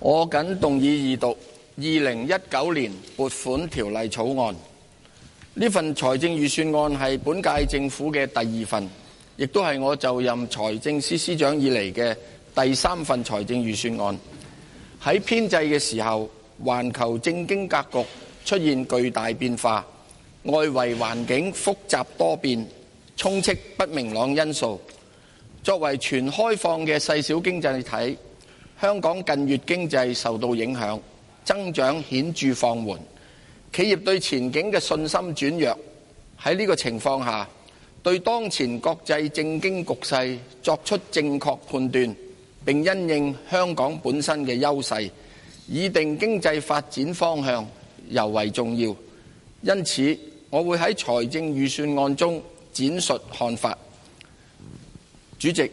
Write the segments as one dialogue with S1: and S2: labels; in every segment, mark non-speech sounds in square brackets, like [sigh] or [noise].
S1: 我謹動議二讀《二零一九年撥款條例草案》。呢份財政預算案係本屆政府嘅第二份，亦都係我就任財政司司長以嚟嘅第三份財政預算案。喺編制嘅時候，環球政經格局出現巨大變化，外圍環境複雜多變，充斥不明朗因素。作為全開放嘅細小經濟體，香港近月經濟受到影響，增長顯著放緩，企業對前景嘅信心轉弱。喺呢個情況下，對當前國際政經局勢作出正確判斷，並因應香港本身嘅優勢，以定經濟發展方向尤為重要。因此，我會喺財政預算案中展述看法。主席，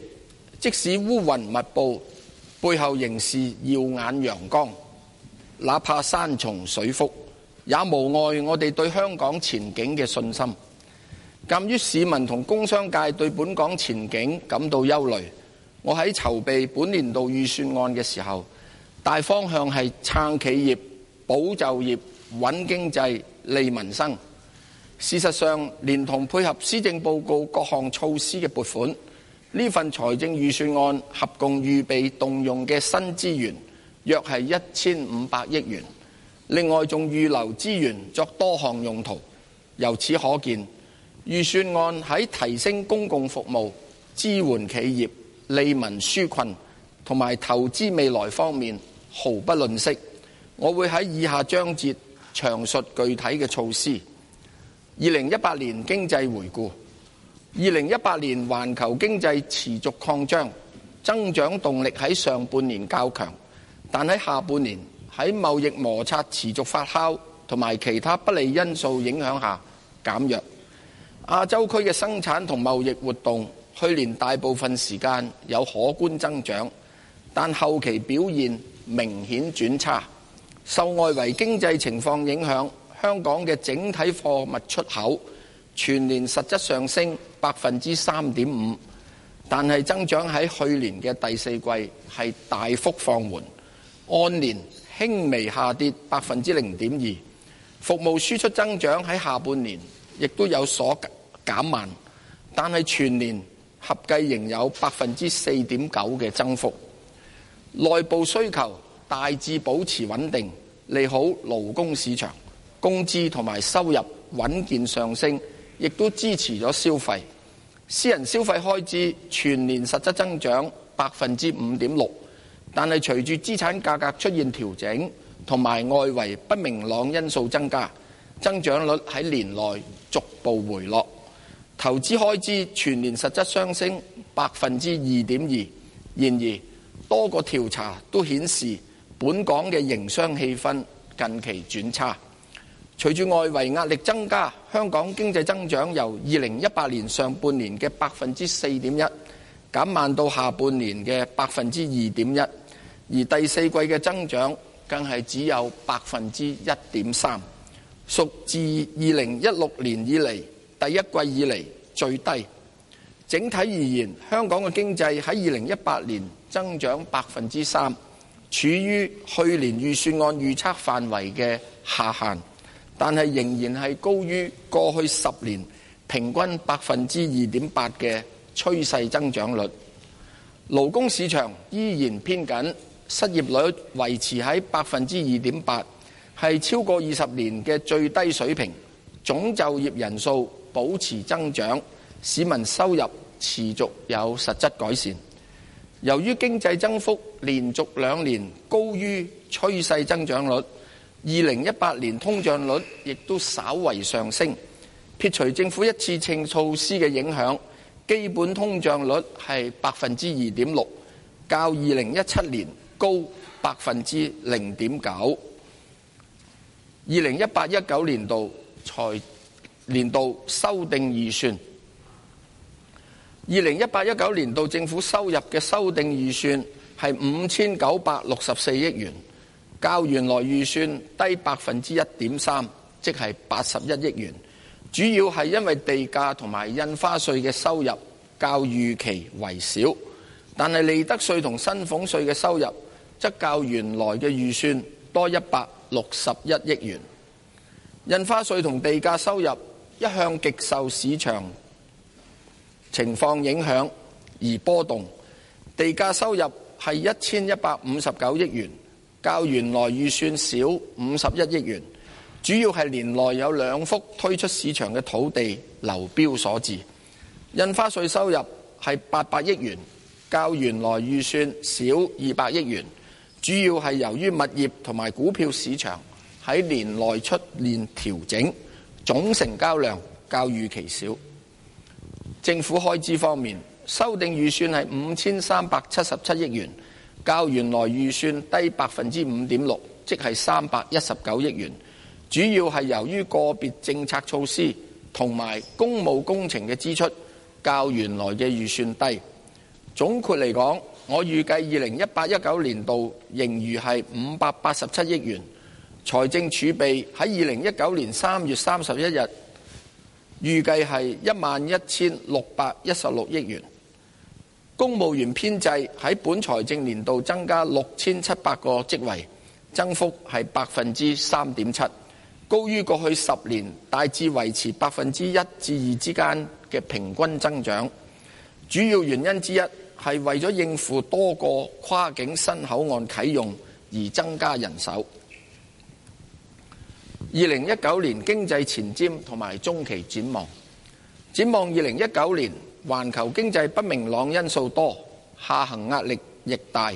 S1: 即使烏雲密布。背後仍是耀眼陽光，哪怕山重水複，也無礙我哋對香港前景嘅信心。鑑於市民同工商界對本港前景感到憂慮，我喺籌備本年度預算案嘅時候，大方向係撐企業、保就業、穩經濟、利民生。事實上，連同配合施政報告各項措施嘅撥款。呢份財政預算案合共預備動用嘅新資源約係一千五百億元，另外仲預留資源作多項用途。由此可見，預算案喺提升公共服務、支援企業、利民紓困同埋投資未來方面毫不吝惜。我會喺以下章節詳述具體嘅措施。二零一八年經濟回顧。二零一八年環球經濟持續擴張，增長動力喺上半年較強，但喺下半年喺貿易摩擦持續發酵同埋其他不利因素影響下減弱。亞洲區嘅生產同貿易活動去年大部分時間有可觀增長，但後期表現明顯轉差。受外圍經濟情況影響，香港嘅整體貨物出口，全年實質上升百分之三點五，但係增長喺去年嘅第四季係大幅放緩，按年輕微下跌百分之零點二。服務輸出增長喺下半年亦都有所減慢，但係全年合計仍有百分之四點九嘅增幅。內部需求大致保持穩定，利好勞工市場，工資同埋收入穩健上升。亦都支持咗消費，私人消費開支全年實質增長百分之五點六，但係隨住資產價格出現調整，同埋外圍不明朗因素增加，增長率喺年內逐步回落。投資開支全年實質上升百分之二點二，然而多個調查都顯示，本港嘅營商氣氛近期轉差。隨住外圍壓力增加，香港經濟增長由二零一八年上半年嘅百分之四點一減慢到下半年嘅百分之二點一，而第四季嘅增長更係只有百分之一點三，屬自二零一六年以嚟第一季以嚟最低。整體而言，香港嘅經濟喺二零一八年增長百分之三，處於去年預算案預測範圍嘅下限。但係仍然係高於過去十年平均百分之二點八嘅趨勢增長率。勞工市場依然偏緊，失業率維持喺百分之二點八，係超過二十年嘅最低水平。總就業人數保持增長，市民收入持續有實質改善。由於經濟增幅連續兩年高於趨勢增長率。二零一八年通脹率亦都稍為上升，撇除政府一次性措施嘅影響，基本通脹率係百分之二點六，較二零一七年高百分之零點九。二零一八一九年度財年度修訂預算，二零一八一九年度政府收入嘅修訂預算係五千九百六十四億元。較原來預算低百分之一點三，即係八十一億元。主要係因為地價同埋印花稅嘅收入較預期為少，但係利得稅同薪俸稅嘅收入則較原來嘅預算多一百六十一億元。印花稅同地價收入一向極受市場情況影響而波動，地價收入係一千一百五十九億元。較原來預算少五十一億元，主要係年內有兩幅推出市場嘅土地流標所致。印花稅收入係八百億元，較原來預算少二百億元，主要係由於物業同埋股票市場喺年內出現調整，總成交量較預期少。政府開支方面，修訂預算係五千三百七十七億元。較原來預算低百分之五點六，即係三百一十九億元。主要係由於個別政策措施同埋公務工程嘅支出較原來嘅預算低。總括嚟講，我預計二零一八一九年度盈餘係五百八十七億元。財政儲備喺二零一九年三月三十一日預計係一萬一千六百一十六億元。公務員編制喺本財政年度增加六千七百個職位，增幅係百分之三點七，高於過去十年大致維持百分之一至二之間嘅平均增長。主要原因之一係為咗應付多個跨境新口岸啟用而增加人手。二零一九年經濟前瞻同埋中期展望，展望二零一九年。環球經濟不明朗因素多，下行壓力亦大。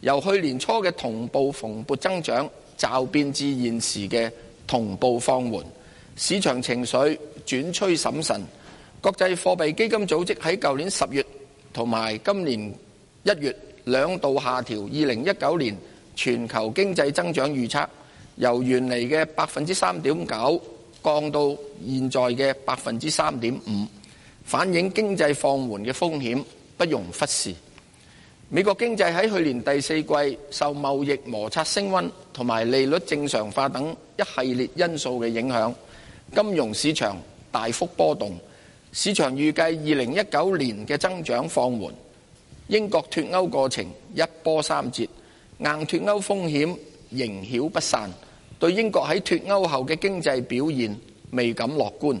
S1: 由去年初嘅同步蓬勃增長，驟變至現時嘅同步放緩，市場情緒轉趨審慎。國際貨幣基金組織喺舊年十月同埋今年一月兩度下調二零一九年全球經濟增長預測，由原嚟嘅百分之三點九降到現在嘅百分之三點五。反映經濟放緩嘅風險不容忽視。美國經濟喺去年第四季受貿易摩擦升温同埋利率正常化等一系列因素嘅影響，金融市場大幅波動。市場預計2019年嘅增長放緩。英國脱歐過程一波三折，硬脱歐風險仍曉不散，對英國喺脱歐後嘅經濟表現未敢樂觀。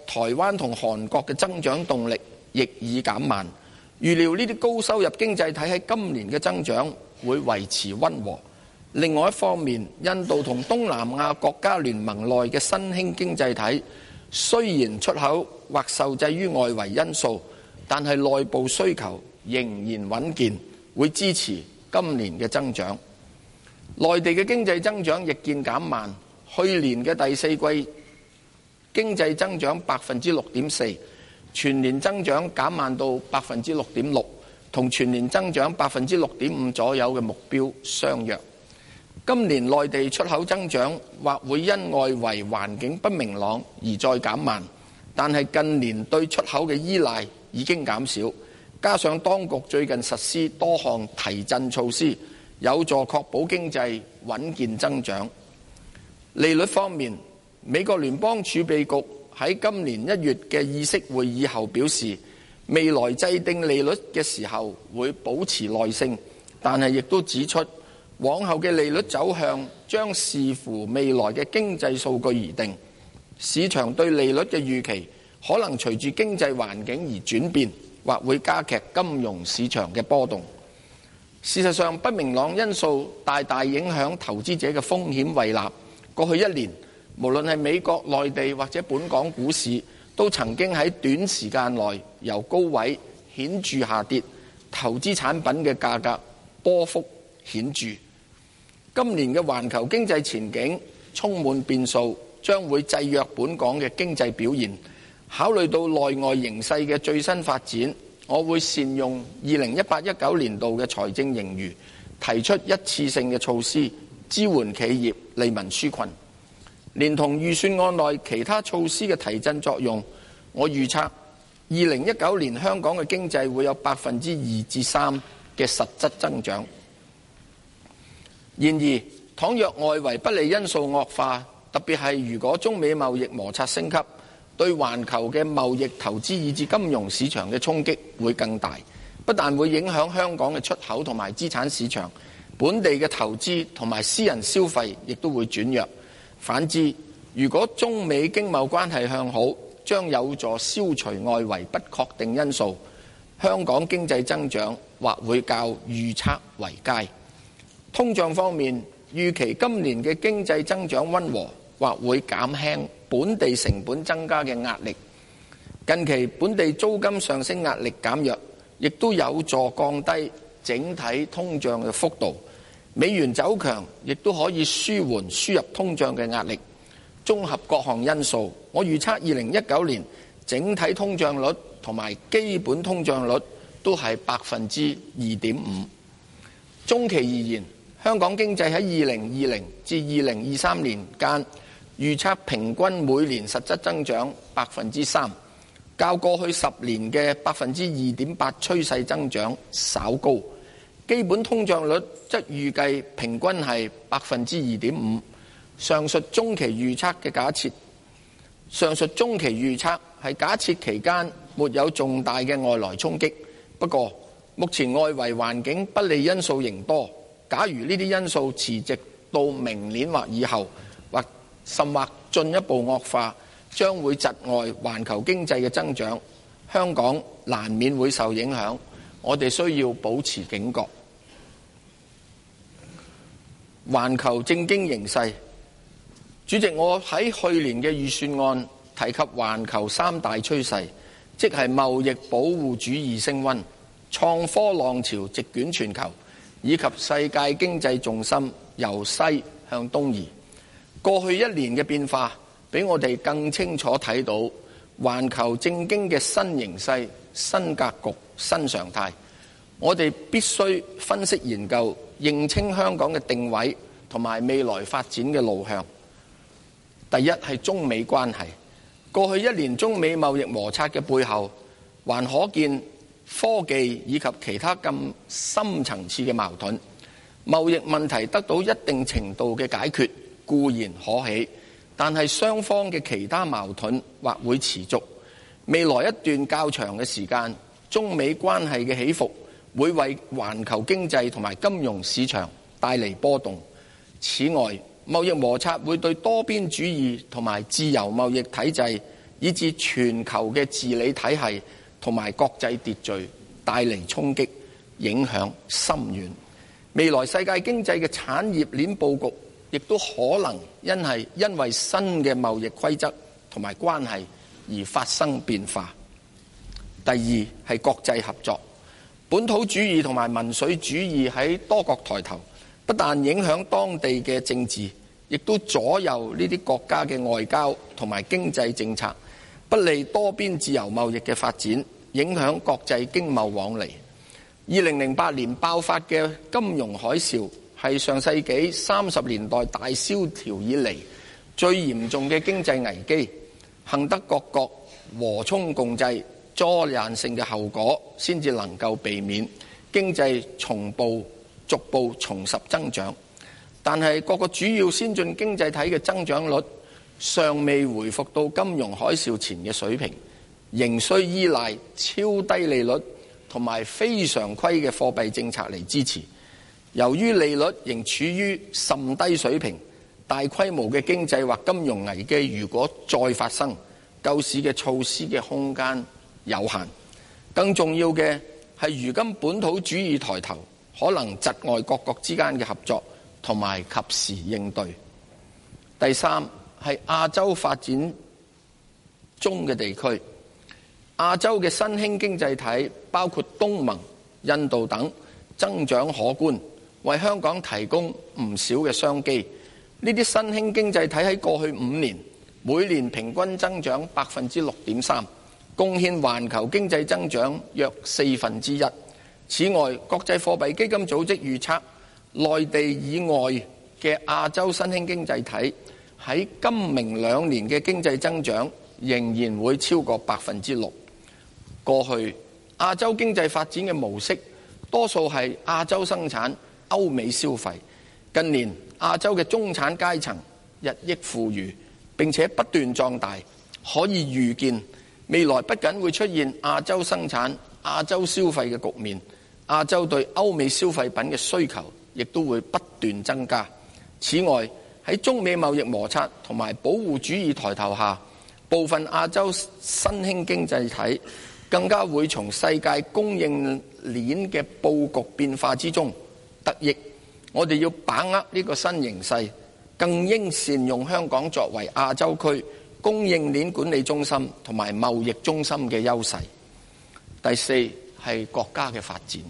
S1: 台灣同韓國嘅增長動力亦已減慢，預料呢啲高收入經濟體喺今年嘅增長會維持溫和。另外一方面，印度同東南亞國家聯盟內嘅新興經濟體雖然出口或受制於外圍因素，但係內部需求仍然穩健，會支持今年嘅增長。內地嘅經濟增長亦見減慢，去年嘅第四季，經濟增長百分之六點四，全年增長減慢到百分之六點六，同全年增長百分之六點五左右嘅目標相若。今年內地出口增長或會因外圍環境不明朗而再減慢，但係近年對出口嘅依賴已經減少，加上當局最近實施多項提振措施，有助確保經濟穩健增長。利率方面。美國聯邦儲備局喺今年一月嘅議息會議後表示，未來制定利率嘅時候會保持耐性，但係亦都指出，往後嘅利率走向將視乎未來嘅經濟數據而定。市場對利率嘅預期可能隨住經濟環境而轉變，或會加劇金融市場嘅波動。事實上，不明朗因素大大影響投資者嘅風險胃納。過去一年，無論係美國、內地或者本港股市，都曾經喺短時間內由高位顯著下跌，投資產品嘅價格波幅顯著。今年嘅環球經濟前景充滿變數，將會制約本港嘅經濟表現。考慮到內外形勢嘅最新發展，我會善用二零一八一九年度嘅財政盈餘，提出一次性嘅措施支援企業、利民紓困。連同預算案內其他措施嘅提振作用，我預測二零一九年香港嘅經濟會有百分之二至三嘅實質增長。然而，倘若外圍不利因素惡化，特別係如果中美貿易摩擦升級，對環球嘅貿易、投資以至金融市場嘅衝擊會更大，不但會影響香港嘅出口同埋資產市場，本地嘅投資同埋私人消費亦都會轉弱。反之，如果中美經貿關係向好，將有助消除外圍不確定因素，香港經濟增長或會較預測為佳。通脹方面，預期今年嘅經濟增長溫和，或會減輕本地成本增加嘅壓力。近期本地租金上升壓力減弱，亦都有助降低整體通脹嘅幅度。美元走強，亦都可以舒緩輸入通脹嘅壓力。綜合各項因素，我預測二零一九年整體通脹率同埋基本通脹率都係百分之二點五。中期而言，香港經濟喺二零二零至二零二三年間預測平均每年實質增長百分之三，較過去十年嘅百分之二點八趨勢增長稍高。基本通脹率則預計平均係百分之二點五。上述中期預測嘅假設，上述中期預測係假設期間沒有重大嘅外來衝擊。不過，目前外圍環境不利因素仍多。假如呢啲因素持續到明年或以後，或甚或進一步惡化，將會窒礙環球經濟嘅增長，香港難免會受影響。我哋需要保持警覺。環球政經形勢，主席，我喺去年嘅預算案提及環球三大趨勢，即係貿易保護主義升温、創科浪潮席捲全球，以及世界經濟重心由西向東移。過去一年嘅變化，畀我哋更清楚睇到環球政經嘅新形勢、新格局、新常態。我哋必須分析研究，認清香港嘅定位同埋未來發展嘅路向。第一係中美關係，過去一年中美貿易摩擦嘅背後，還可見科技以及其他咁深層次嘅矛盾。貿易問題得到一定程度嘅解決固然可喜，但係雙方嘅其他矛盾或會持續。未來一段較長嘅時間，中美關係嘅起伏，會為環球經濟同埋金融市場帶嚟波動。此外，貿易摩擦會對多邊主義同埋自由貿易體制，以至全球嘅治理體系同埋國際秩序帶嚟衝擊，影響深遠。未來世界經濟嘅產業鏈佈局，亦都可能因係因為新嘅貿易規則同埋關係而發生變化。第二係國際合作。本土主義同埋民粹主義喺多國抬頭，不但影響當地嘅政治，亦都左右呢啲國家嘅外交同埋經濟政策，不利多邊自由貿易嘅發展，影響國際經貿往來。二零零八年爆發嘅金融海嘯係上世紀三十年代大蕭條以來最嚴重嘅經濟危機，幸得各國和衷共濟。災難性嘅後果先至能夠避免，經濟重步，逐步重拾增長，但係各個主要先進經濟體嘅增長率尚未回復到金融海嘯前嘅水平，仍需依賴超低利率同埋非常規嘅貨幣政策嚟支持。由於利率仍處於甚低水平，大規模嘅經濟或金融危機如果再發生，救市嘅措施嘅空間有限，更重要嘅係如今本土主義抬頭，可能窒礙各國之間嘅合作同埋及，及時應對。第三係亞洲發展中嘅地區，亞洲嘅新興經濟體包括東盟、印度等，增長可觀，為香港提供唔少嘅商機，呢啲新興經濟體喺過去五年每年平均增長百分之六點三。貢獻環球經濟增長約四分之一。此外，國際貨幣基金組織預測，內地以外嘅亞洲新興經濟體喺今明兩年嘅經濟增長仍然會超過百分之六。過去亞洲經濟發展嘅模式多數係亞洲生產、歐美消費。近年亞洲嘅中產階層日益富裕，並且不斷壯大，可以預見。未來不僅會出現亞洲生產、亞洲消費嘅局面，亞洲對歐美消費品嘅需求亦都會不斷增加。此外，喺中美貿易摩擦同埋保護主義抬頭下，部分亞洲新興經濟體更加會從世界供應鏈嘅佈局變化之中得益。我哋要把握呢個新形勢，更應善用香港作為亞洲區，供應鏈管理中心同埋貿易中心嘅優勢。第四係國家嘅發展，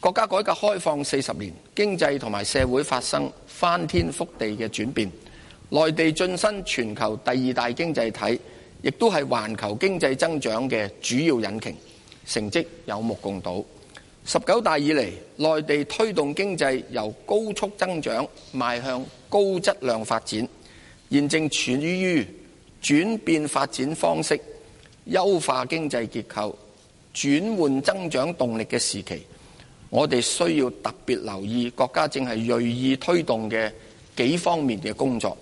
S1: 國家改革開放四十年，經濟同埋社會發生翻天覆地嘅轉變，內地晉身全球第二大經濟體，亦都係環球經濟增長嘅主要引擎，成績有目共睹。十九大以嚟，內地推動經濟由高速增長邁向高質量發展，現正處於。轉變發展方式、優化經濟結構、轉換增長動力嘅時期，我哋需要特別留意國家正係鋭意推動嘅幾方面嘅工作。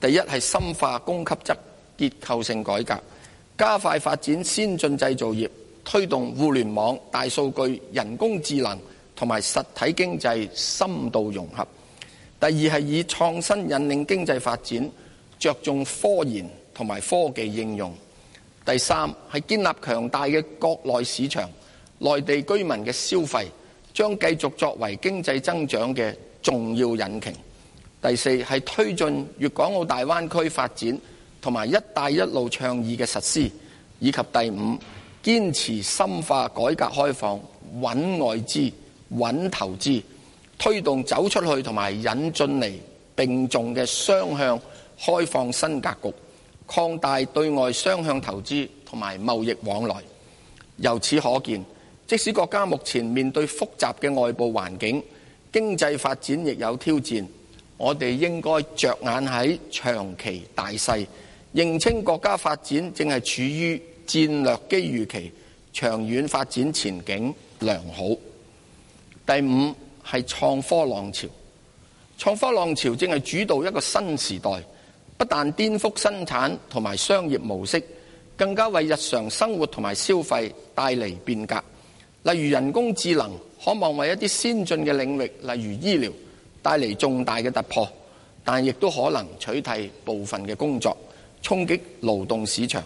S1: 第一係深化供給側結構性改革，加快發展先進製造業，推動互聯網、大數據、人工智能同埋實體經濟深度融合。第二係以創新引領經濟發展，着重科研。同埋科技應用，第三係建立強大嘅國內市場，內地居民嘅消費將繼續作為經濟增長嘅重要引擎。第四係推進粵港澳大灣區發展同埋「一帶一路」倡議嘅實施，以及第五堅持深化改革開放，揾外資、揾投資，推動走出去同埋引進嚟並重嘅雙向開放新格局。擴大對外雙向投資同埋貿易往來，由此可見，即使國家目前面對複雜嘅外部環境，經濟發展亦有挑戰。我哋應該着眼喺長期大勢，認清國家發展正係處於戰略機遇期，長遠發展前景良好。第五係創科浪潮，創科浪潮正係主導一個新時代。不但顛覆生產同埋商業模式，更加為日常生活同埋消費帶嚟變革。例如人工智能，可望為一啲先進嘅領域，例如醫療，帶嚟重大嘅突破，但亦都可能取締部分嘅工作，衝擊勞動市場。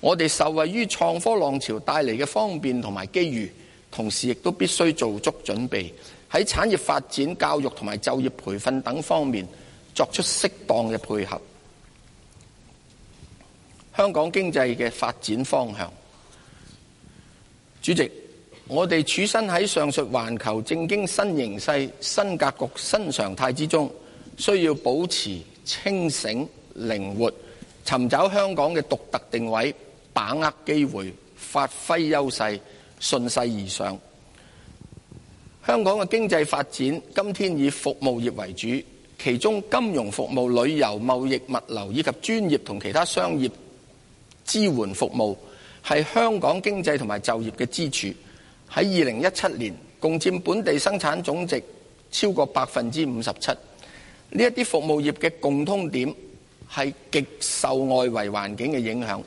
S1: 我哋受惠於創科浪潮帶嚟嘅方便同埋機遇，同時亦都必須做足準備，喺產業發展、教育同埋就業培訓等方面作出適當嘅配合。香港經濟嘅發展方向，主席，我哋處身喺上述環球正經新形勢、新格局、新常態之中，需要保持清醒、靈活，尋找香港嘅獨特定位，把握機會，發揮優勢，順勢而上。香港嘅經濟發展今天以服務業為主，其中金融服務、旅遊、貿易、物流以及專業同其他商業支援服務係香港經濟同埋就業嘅支柱，喺二零一七年共佔本地生產總值超過百分之五十七。呢一啲服務業嘅共通點係極受外圍環境嘅影響。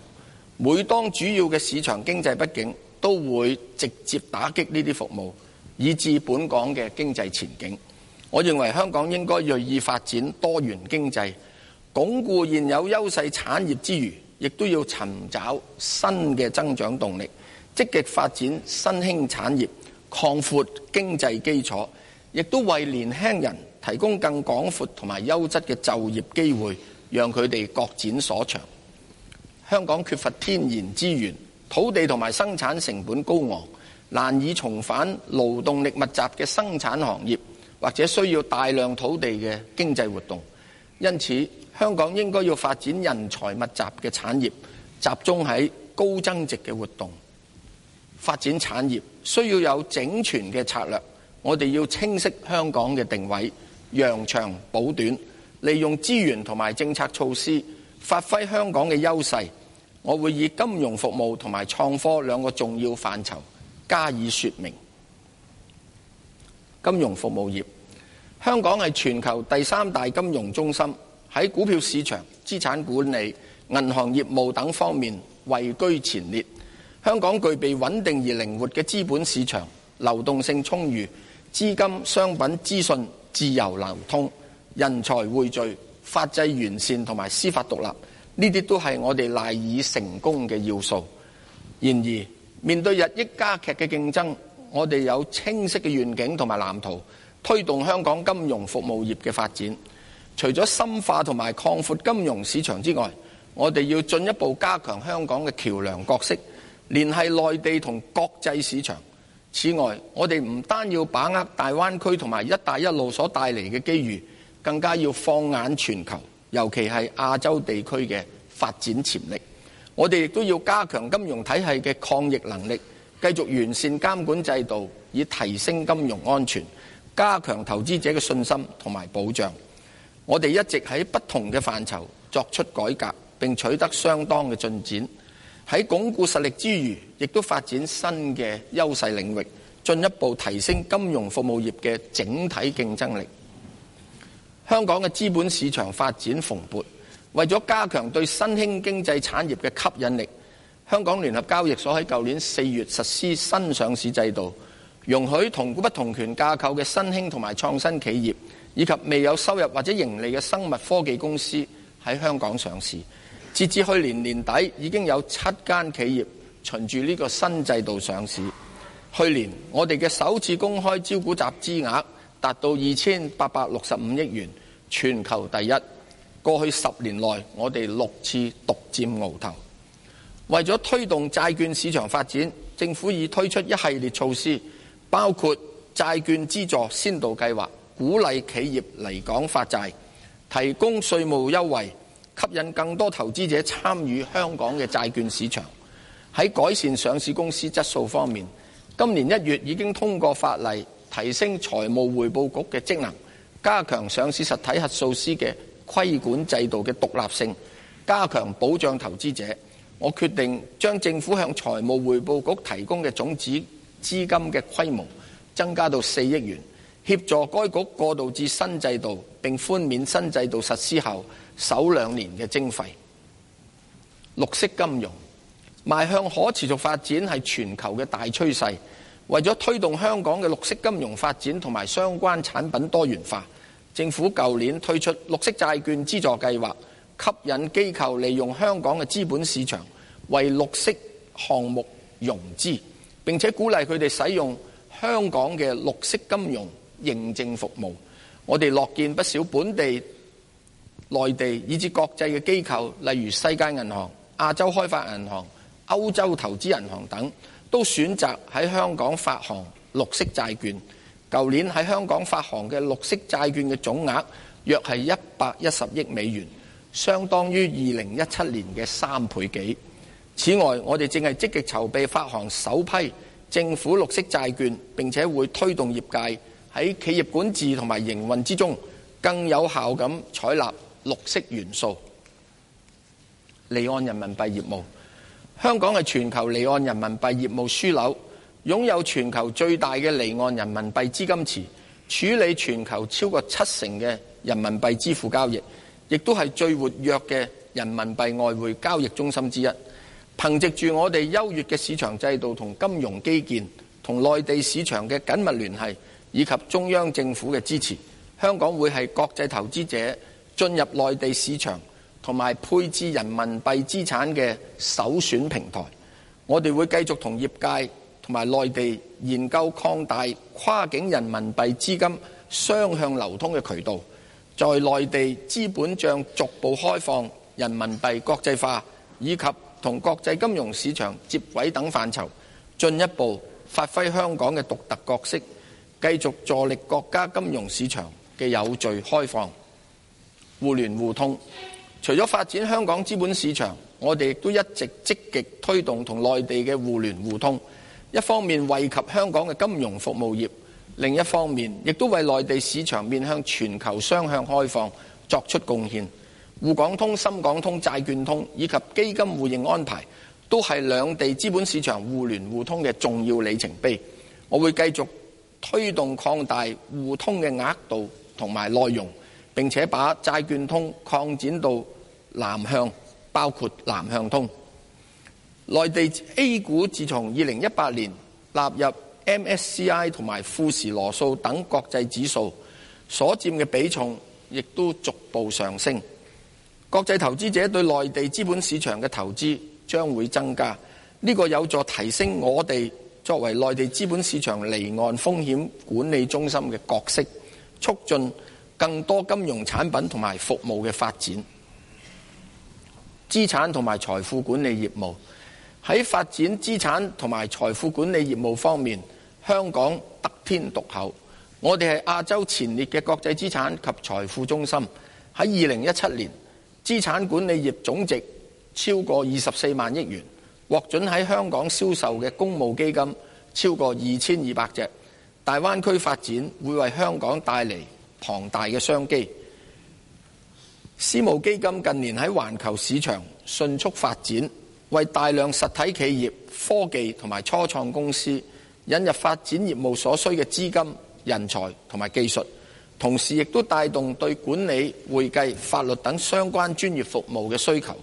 S1: 每當主要嘅市場經濟不景，都會直接打擊呢啲服務，以致本港嘅經濟前景。我認為香港應該鋭意發展多元經濟，鞏固現有優勢產業之餘。亦都要尋找新嘅增長動力，積極發展新興產業，擴闊經濟基礎，亦都為年輕人提供更廣闊同埋優質嘅就業機會，讓佢哋各展所長。香港缺乏天然資源，土地同埋生產成本高昂，難以重返勞動力密集嘅生產行業，或者需要大量土地嘅經濟活動，因此，香港應該要發展人才密集嘅產業，集中喺高增值嘅活動。發展產業需要有整全嘅策略。我哋要清晰香港嘅定位，揚長補短，利用資源同埋政策措施，發揮香港嘅優勢。我會以金融服務同埋創科兩個重要範疇加以說明。金融服務業，香港係全球第三大金融中心。喺股票市場、資產管理、銀行業務等方面位居前列。香港具備穩定而靈活嘅資本市場，流動性充裕，資金、商品資訊自由流通，人才匯聚，法制完善同埋司法獨立，呢啲都係我哋賴以成功嘅要素。然而，面對日益加劇嘅競爭，我哋有清晰嘅願景同埋藍圖，推動香港金融服務業嘅發展。除咗深化同埋擴闊金融市場之外，我哋要進一步加強香港嘅橋梁角色，聯繫內地同國際市場。此外，我哋唔單要把握大灣區同埋「一帶一路」所帶嚟嘅機遇，更加要放眼全球，尤其係亞洲地區嘅發展潛力。我哋亦都要加強金融體系嘅抗逆能力，繼續完善監管制度，以提升金融安全，加強投資者嘅信心同埋保障。我哋一直喺不同嘅範疇作出改革，並取得相當嘅進展。喺鞏固實力之餘，亦都發展新嘅優勢領域，進一步提升金融服務業嘅整體競爭力。香港嘅資本市場發展蓬勃，為咗加強對新興經濟產業嘅吸引力，香港聯合交易所喺舊年四月實施新上市制度，容許同股不同權架構嘅新興同埋創新企業。以及未有收入或者盈利嘅生物科技公司喺香港上市。截至去年年底，已經有七間企業循住呢個新制度上市。去年我哋嘅首次公開招股集資額達到二千八百六十五億元，全球第一。過去十年內我哋六次獨占鰲頭。為咗推動債券市場發展，政府已推出一系列措施，包括債券資助先導計劃。鼓勵企業嚟港發債，提供稅務優惠，吸引更多投資者參與香港嘅債券市場。喺改善上市公司質素方面，今年一月已經通過法例提升財務匯報局嘅職能，加強上市實體核數師嘅規管制度嘅獨立性，加強保障投資者。我決定將政府向財務匯報局提供嘅種子資金嘅規模增加到四億元。協助該局過渡至新制度，並寬免新制度實施後首兩年嘅徵費。綠色金融邁向可持續發展係全球嘅大趨勢。為咗推動香港嘅綠色金融發展同埋相關產品多元化，政府舊年推出綠色債券資助計劃，吸引機構利用香港嘅資本市場為綠色項目融資，並且鼓勵佢哋使用香港嘅綠色金融認證服務，我哋樂見不少本地、內地以至國際嘅機構，例如世界銀行、亞洲開發銀行、歐洲投資銀行等，都選擇喺香港發行綠色債券。舊年喺香港發行嘅綠色債券嘅總額約係一百一十億美元，相當於二零一七年嘅三倍幾。此外，我哋正係積極籌備發行首批政府綠色債券，並且會推動業界。喺企業管治同埋營運之中，更有效咁採納綠色元素。離岸人民幣業務。香港係全球離岸人民幣業務樞紐，擁有全球最大嘅離岸人民幣資金池，處理全球超過七成嘅人民幣支付交易，亦都係最活躍嘅人民幣外匯交易中心之一。憑藉住我哋優越嘅市場制度同金融基建，同內地市場嘅緊密聯繫，以及中央政府嘅支持，香港會係國際投資者進入內地市場同埋配置人民幣資產嘅首選平台。我哋會繼續同業界同埋內地研究擴大跨境人民幣資金雙向流通嘅渠道，在內地資本帳逐步開放，人民幣國際化以及同國際金融市場接軌等範疇，進一步發揮香港嘅獨特角色。繼續助力國家金融市場嘅有序開放、互聯互通。除咗發展香港資本市場，我哋亦都一直積極推動同內地嘅互聯互通。一方面惠及香港嘅金融服務業，另一方面亦都為內地市場面向全球雙向開放作出貢獻。滬港通、深港通、債券通以及基金互認安排，都係兩地資本市場互聯互通嘅重要里程碑。我會繼續推動擴大互通嘅額度同埋內容，並且把債券通擴展到南向，包括南向通。內地 A 股自從二零一八年納入 MSCI 同埋富時羅素等國際指數，所佔嘅比重亦都逐步上升。國際投資者對內地資本市場嘅投資將會增加，呢個有助提升我哋。作為內地資本市場離岸風險管理中心嘅角色，促進更多金融產品同埋服務嘅發展，資產同埋財富管理業務，喺發展資產同埋財富管理業務方面，香港得天獨厚。我哋係亞洲前列嘅國際資產及財富中心。喺二零一七年，資產管理業總值超過二十四萬億元。獲准喺香港銷售嘅公募基金超過二千二百隻，大灣區發展會為香港帶嚟龐大嘅商機。私募基金近年喺環球市場迅速發展，為大量實體企業、科技同埋初創公司引入發展業務所需嘅資金、人才同埋技術，同時亦都帶動對管理、會計、法律等相關專業服務嘅需求。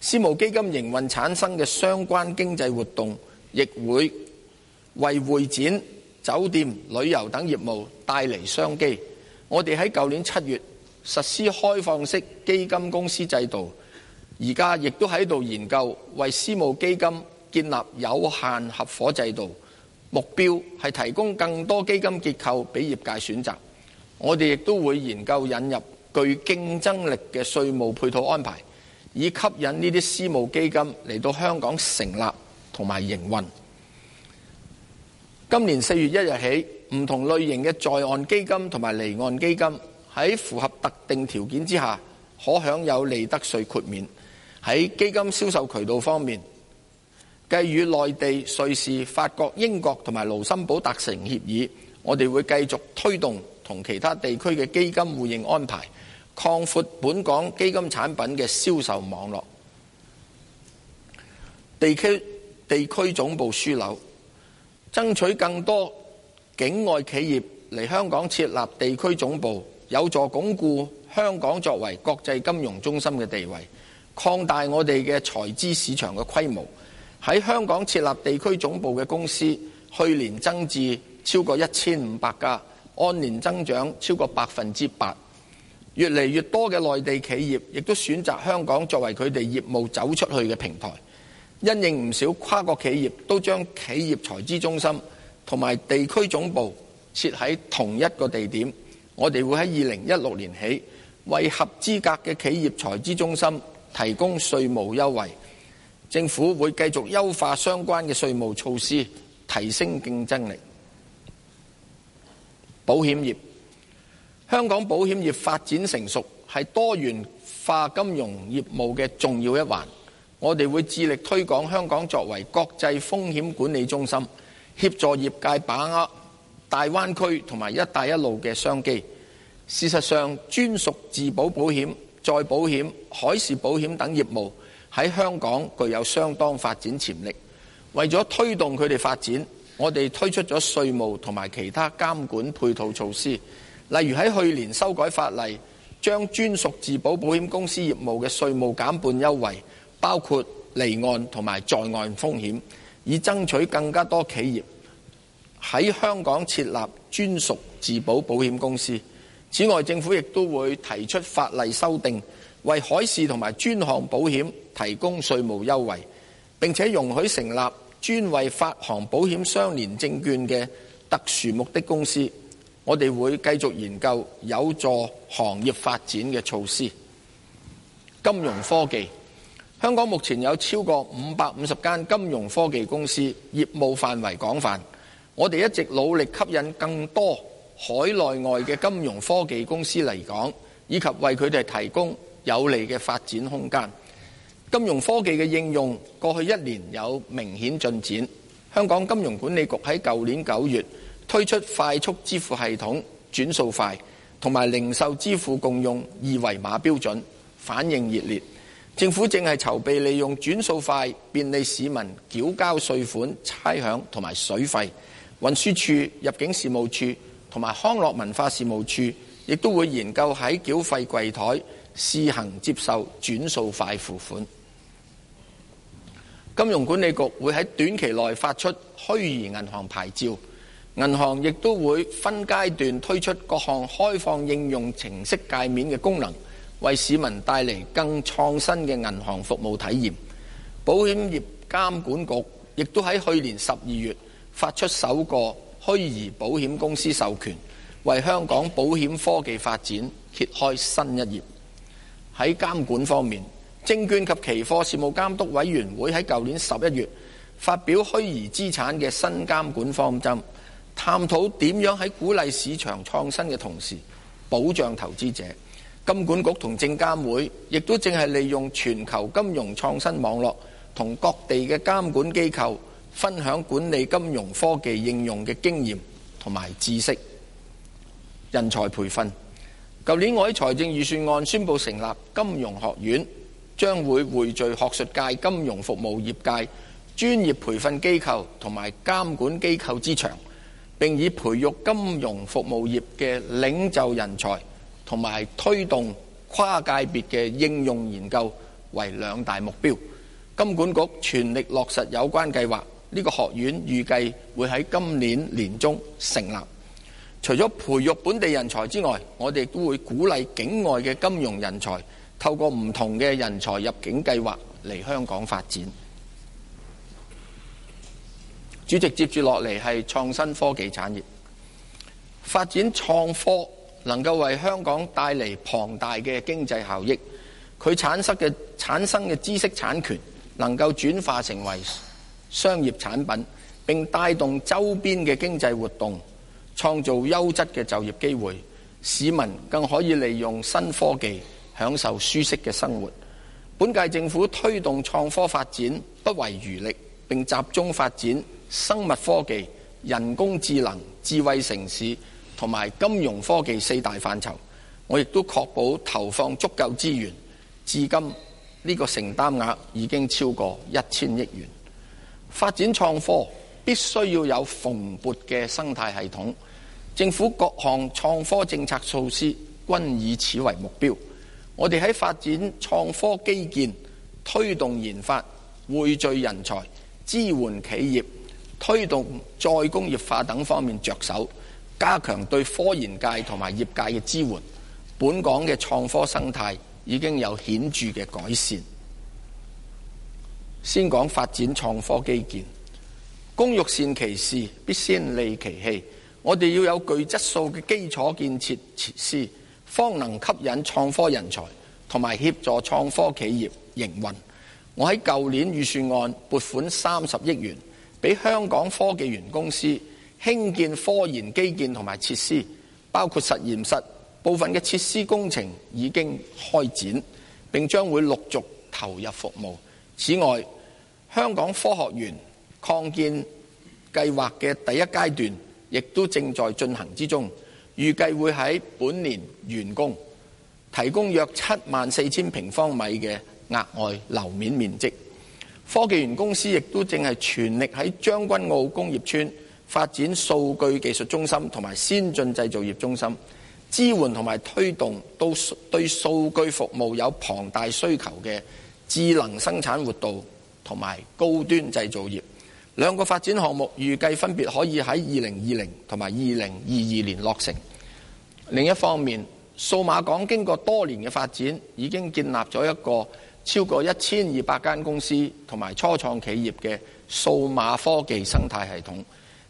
S1: 私募基金營運產生嘅相關經濟活動，亦會為會展、酒店、旅遊等業務帶嚟商機。我哋喺舊年七月實施開放式基金公司制度，而家亦都喺度研究為私募基金建立有限合伙制度，目標係提供更多基金結構俾業界選擇。我哋亦都會研究引入具競爭力嘅稅務配套安排。以吸引呢啲私募基金嚟到香港成立同埋營運。今年四月一日起，唔同類型嘅在岸基金同埋離岸基金喺符合特定條件之下，可享有利得稅豁免。喺基金銷售渠道方面，繼與內地、瑞士、法國、英國同埋盧森堡達成協議，我哋會繼續推動同其他地區嘅基金互認安排。擴闊本港基金產品嘅銷售網絡。地區地區總部樞紐，爭取更多境外企業嚟香港設立地區總部，有助鞏固香港作為國際金融中心嘅地位，擴大我哋嘅財資市場嘅規模。喺香港設立地區總部嘅公司，去年增至超過一千五百家，按年增長超過百分之八。越嚟越多嘅內地企業亦都選擇香港作為佢哋業務走出去嘅平台，因應唔少跨國企業都將企業財資中心同埋地區總部設喺同一個地點，我哋會喺二零一六年起為合資格嘅企業財資中心提供稅務優惠，政府會繼續優化相關嘅稅務措施，提升競爭力。保險業。香港保險業發展成熟，係多元化金融業務嘅重要一環。我哋會致力推廣香港作為國際風險管理中心，協助業界把握大灣區同埋一帶一路嘅商機。事實上，專屬自保保險、再保險、海事保險等業務喺香港具有相當發展潛力。為咗推動佢哋發展，我哋推出咗稅務同埋其他監管配套措施。例如喺去年修改法例，將專屬自保保險公司業務嘅稅務減半優惠，包括離岸同埋在岸風險，以爭取更加多企業喺香港設立專屬自保保險公司。此外，政府亦都會提出法例修訂，為海事同埋專項保險提供稅務優惠，並且容許成立專為發行保險相連證券嘅特殊目的公司。我哋會繼續研究有助行業發展嘅措施。金融科技，香港目前有超過五百五十間金融科技公司，業務範圍廣泛。我哋一直努力吸引更多海內外嘅金融科技公司嚟港，以及為佢哋提供有利嘅發展空間。金融科技嘅應用過去一年有明顯進展。香港金融管理局喺舊年九月，推出快速支付系統，轉數快同埋零售支付共用二維碼標準，反應熱烈。政府正係籌備利用轉數快便利市民繳交稅款、差餉同埋水費。運輸處、入境事務處同埋康樂文化事務處亦都會研究喺繳費櫃台試行接受轉數快付款。金融管理局會喺短期內發出虛擬銀行牌照。銀行亦都會分階段推出各項開放應用程式界面嘅功能，為市民帶嚟更創新嘅銀行服務體驗。保險業監管局亦都喺去年十二月發出首個虛擬保險公司授權，為香港保險科技發展揭開新一頁。喺監管方面，證券及期貨事務監督委員會喺舊年十一月發表虛擬資產嘅新監管方針。探討點樣喺鼓勵市場創新嘅同時，保障投資者。金管局同證監會亦都正係利用全球金融創新網絡，同各地嘅監管機構分享管理金融科技應用嘅經驗同埋知識。人才培訓。舊年我喺財政預算案宣布成立金融學院，將會匯聚學術界、金融服務業界、專業培訓機構同埋監管機構之長。並以培育金融服務業嘅領袖人才同埋推動跨界別嘅應用研究為兩大目標。金管局全力落實有關計劃，呢個學院預計會喺今年年中成立。除咗培育本地人才之外，我哋都會鼓勵境外嘅金融人才，透過唔同嘅人才入境計劃，嚟香港發展。主席，接住落嚟係創新科技產業發展。創科能夠為香港帶嚟龐大嘅經濟效益。佢產生嘅產生嘅知識產權能夠轉化成為商業產品，並帶動周邊嘅經濟活動，創造優質嘅就業機會。市民更可以利用新科技享受舒適嘅生活。本屆政府推動創科發展不遺餘力，並集中發展。生物科技、人工智能、智慧城市同埋金融科技四大範疇，我亦都確保投放足夠資源。至今呢個承擔額已經超過一千億元。發展創科必須要有蓬勃嘅生態系統，政府各項創科政策措施均以此為目標。我哋喺發展創科基建、推動研發、匯聚人才、支援企業，推動再工業化等方面着手，加強對科研界同埋業界嘅支援。本港嘅創科生態已經有顯著嘅改善。先講發展創科基建，工欲善其事，必先利其器。我哋要有具質素嘅基礎建設設施，方能吸引創科人才同埋協助創科企業營運。我喺舊年預算案撥款三十億元。俾香港科技園公司興建科研基建同埋設施，包括實驗室部分嘅設施工程已經開展，並將會陸續投入服務。此外，香港科學園擴建計劃嘅第一階段亦都正在進行之中，預計會喺本年完工，提供約七萬四千平方米嘅額外樓面面積。科技園公司亦都正係全力喺將軍澳工業村發展數據技術中心同埋先進製造業中心，支援同埋推動到對數據服務有龐大需求嘅智能生產活動同埋高端製造業兩個發展項目，預計分別可以喺二零二零同埋二零二二年落成。另一方面，數碼港經過多年嘅發展，已經建立咗一個超過一千二百間公司同埋初創企業嘅數碼科技生態系統，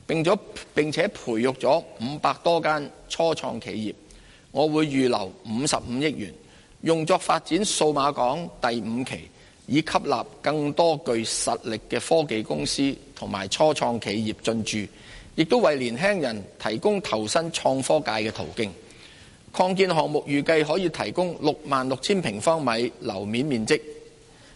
S1: 並咗並且培育咗五百多間初創企業。我會預留五十五億元，用作發展數碼港第五期，以吸納更多具實力嘅科技公司同埋初創企業進駐，亦都為年輕人提供投身創科界嘅途徑。創建項目預計可以提供六萬六千平方米樓面面積，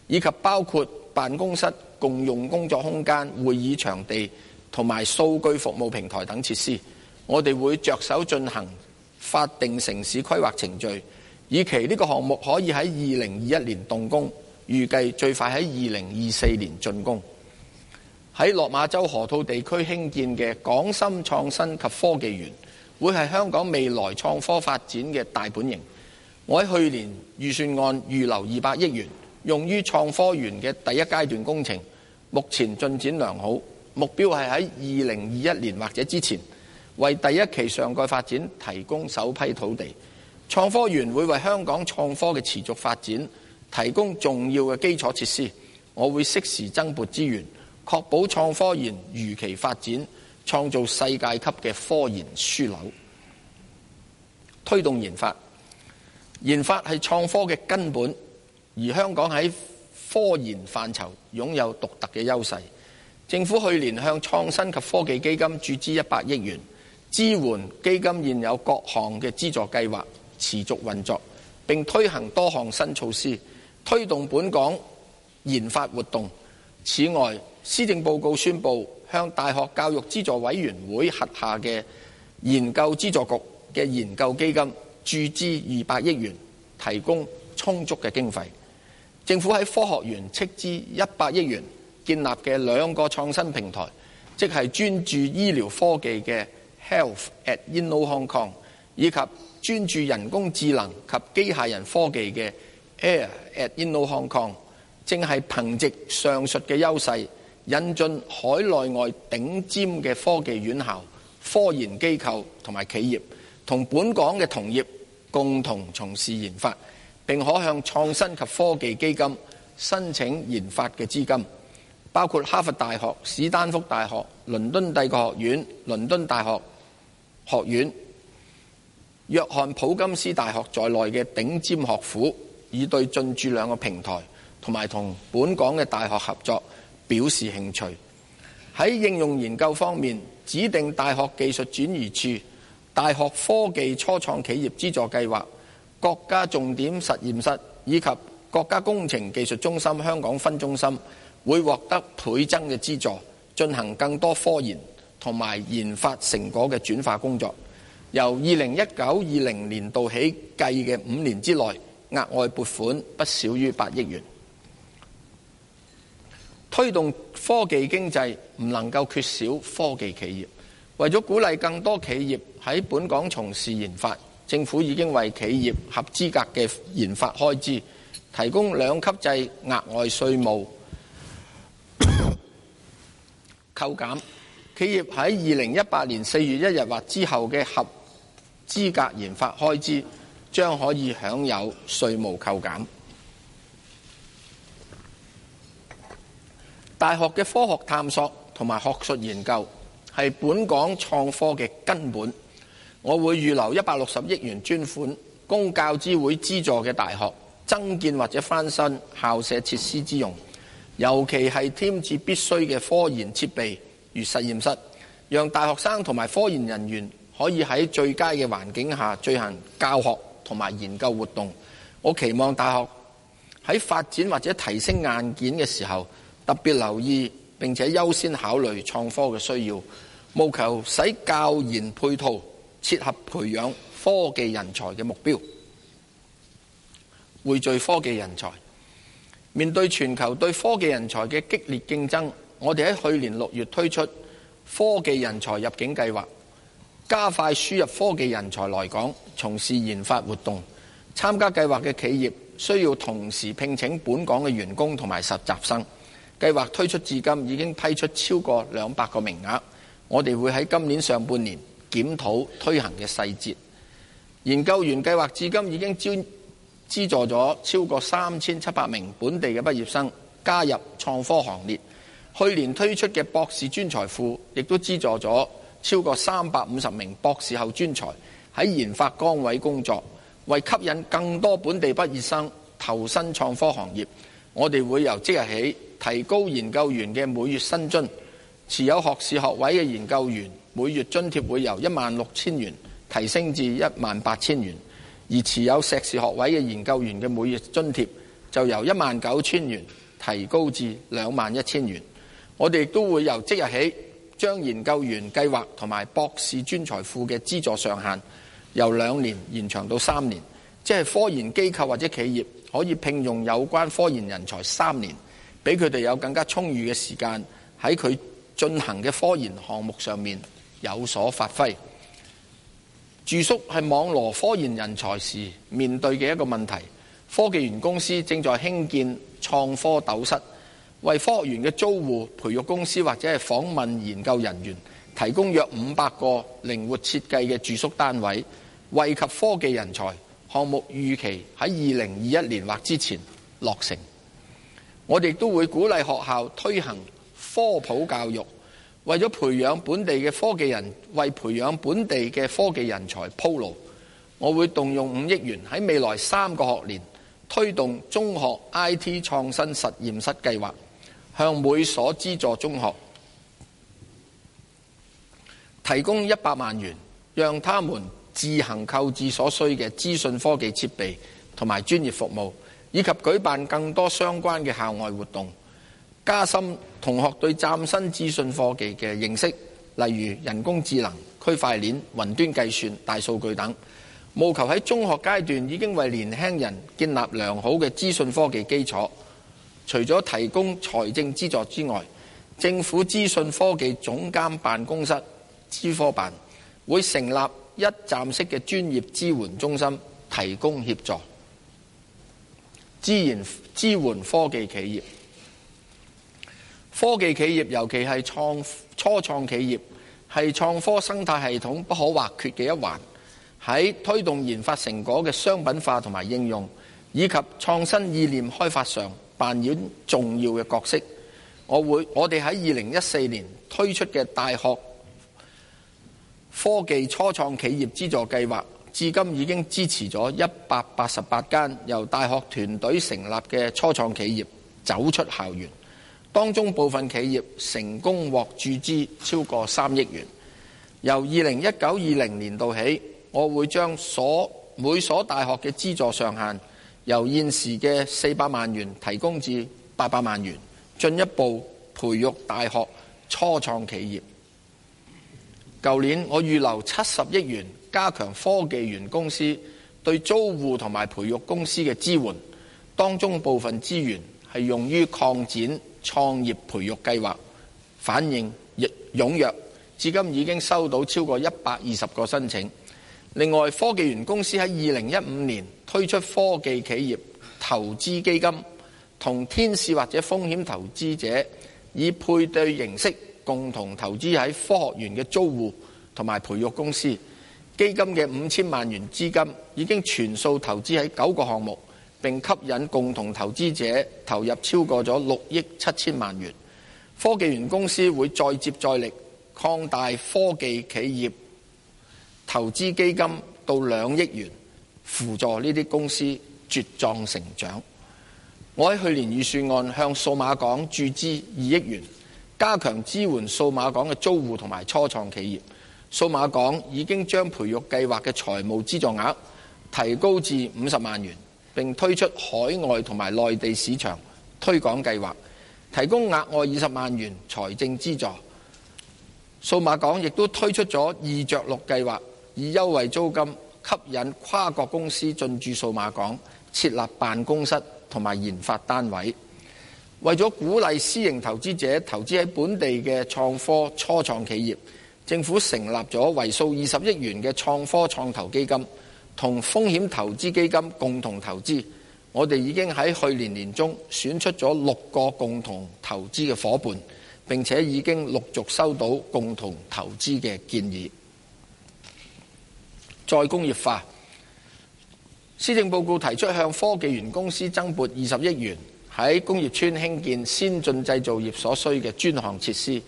S1: 以及包括辦公室、共用工作空間、會議場地同埋數據服務平台等設施。我哋會着手進行法定城市規劃程序，以期呢個項目可以喺二零二一年動工，預計最快喺二零二四年竣工。喺落馬洲河套地區興建嘅港深創新及科技園。會係香港未來創科發展嘅大本營。我喺去年預算案預留二百億元，用於創科園嘅第一階段工程，目前進展良好。目標係喺二零二一年或者之前，為第一期上蓋發展提供首批土地。創科園會為香港創科嘅持續發展提供重要嘅基礎設施。我會適時增撥資源，確保創科園如期發展。創造世界級嘅科研樞紐，推動研發。研發係創科嘅根本，而香港喺科研範疇擁有獨特嘅優勢。政府去年向創新及科技基金注資一百億元，支援基金現有各項嘅資助計劃持續運作，並推行多項新措施，推動本港研發活動。此外，施政報告宣布，向大學教育資助委員會轄下嘅研究資助局嘅研究基金注資二百億元，提供充足嘅經費。政府喺科學園斥資一百億元建立嘅兩個創新平台，即係專注醫療科技嘅 Health at Inno Hong Kong，以及專注人工智能及機械人科技嘅 Air at Inno Hong Kong，正係憑藉上述嘅優勢。引進海內外頂尖嘅科技院校、科研機構同埋企業，同本港嘅同業共同從事研發，並可向創新及科技基金申請研發嘅資金，包括哈佛大學、史丹福大學、倫敦帝國學院、倫敦大學學院、約翰普金斯大學在內嘅頂尖學府，以對進駐兩個平台，同埋同本港嘅大學合作。表示興趣。喺應用研究方面，指定大學技術轉移處、大學科技初創企業資助計劃、國家重點實驗室以及國家工程技術中心香港分中心會獲得倍增嘅資助，進行更多科研同埋研發成果嘅轉化工作。由二零一九二零年度起計嘅五年之內，額外撥款不少於八億元。推動科技經濟唔能夠缺少科技企業。為咗鼓勵更多企業喺本港從事研發，政府已經為企業合資格嘅研發開支，提供兩級制額外稅務扣減。企業喺二零一八年四月一日或之後嘅合資格研發開支，將可以享有稅務扣減。大學嘅科學探索同埋學術研究係本港創科嘅根本。我會預留一百六十億元專款，供教資會資助嘅大學增建或者翻新校舍設施之用，尤其係添置必須嘅科研設備與實驗室，讓大學生同埋科研人員可以喺最佳嘅環境下進行教學同埋研究活動。我期望大學喺發展或者提升硬件嘅時候，特別留意並且優先考慮創科嘅需要，務求使教研配套切合培養科技人才嘅目標，匯聚科技人才。面對全球對科技人才嘅激烈競爭，我哋喺去年六月推出科技人才入境計劃，加快輸入科技人才來港從事研發活動。參加計劃嘅企業需要同時聘請本港嘅員工同埋實習生。計劃推出至今已經批出超過兩百個名額。我哋會喺今年上半年檢討推行嘅細節。研究員計劃至今已經支資助咗超過三千七百名本地嘅畢業生加入創科行列。去年推出嘅博士專才庫，亦都資助咗超過三百五十名博士後專才喺研發崗位工作。為吸引更多本地畢業生投身創科行業，我哋會由即日起，提高研究員嘅每月薪津，持有學士學位嘅研究員每月津貼會由一萬六千元提升至一萬八千元，而持有碩士學位嘅研究員嘅每月津貼就由一萬九千元提高至兩萬一千元。我哋都會由即日起將研究員計劃同埋博士專才庫嘅資助上限由兩年延長到三年，即係科研機構或者企業可以聘用有關科研人才三年。俾佢哋有更加充裕嘅時間喺佢進行嘅科研項目上面有所發揮。住宿係網羅科研人才時面對嘅一個問題。科技園公司正在興建創科斗室，為科學園嘅租戶、培育公司或者係訪問研究人員提供約五百個靈活設計嘅住宿單位，惠及科技人才。項目預期喺二零二一年或之前落成。我哋都會鼓勵學校推行科普教育，為咗培養本地嘅科技人，為培養本地嘅科技人才鋪路。我會動用五億元喺未來三個學年推動中學 IT 創新實驗室計劃，向每所資助中學提供一百萬元，讓他們自行購置所需嘅資訊科技設備同埋專業服務。以及舉辦更多相關嘅校外活動，加深同學對嶄新資訊科技嘅認識，例如人工智能、區塊鏈、雲端計算、大數據等，務求喺中學階段已經為年輕人建立良好嘅資訊科技基礎。除咗提供財政資助之外，政府資訊科技總監辦公室（資科辦）會成立一站式嘅專業支援中心，提供協助。支援科技企業，科技企業尤其係創初創企業，係創科生態系統不可或缺嘅一環，喺推動研發成果嘅商品化同埋應用，以及創新意念開發上扮演重要嘅角色。我會我哋喺二零一四年推出嘅大學科技初創企業資助計劃。至今已經支持咗一百八十八間由大學團隊成立嘅初創企業走出校園，當中部分企業成功獲注資超過三億元。由二零一九二零年度起，我會將所每所大學嘅資助上限由現時嘅四百萬元提供至八百萬元，進一步培育大學初創企業。舊年我預留七十億元。加強科技園公司對租戶同埋培育公司嘅支援，當中部分資源係用於擴展創業培育計劃，反應踴躍，至今已經收到超過一百二十個申請。另外，科技園公司喺二零一五年推出科技企業投資基金，同天使或者風險投資者以配對形式共同投資喺科學園嘅租戶同埋培育公司。基金嘅五千萬元資金已經全數投資喺九個項目，並吸引共同投資者投入超過咗六億七千萬元。科技園公司會再接再厲擴大科技企業投資基金到兩億元，輔助呢啲公司茁壯成長。我喺去年預算案向數碼港注資二億元，加強支援數碼港嘅租戶同埋初創企業。數碼港已經將培育計劃嘅財務資助額提高至五十萬元，並推出海外同埋內地市場推廣計劃，提供額外二十萬元財政資助。數碼港亦都推出咗易著陸計劃，以優惠租金吸引跨國公司進駐數碼港，設立辦公室同埋研發單位。為咗鼓勵私營投資者投資喺本地嘅創科初創企業。政府成立咗為數二十億元嘅創科創投基金，同風險投資基金共同投資。我哋已經喺去年年中選出咗六個共同投資嘅夥伴，並且已經陸續收到共同投資嘅建議。再工業化，施政報告提出向科技園公司增撥二十億元，喺工業村興建先進製造業所需嘅專項設施，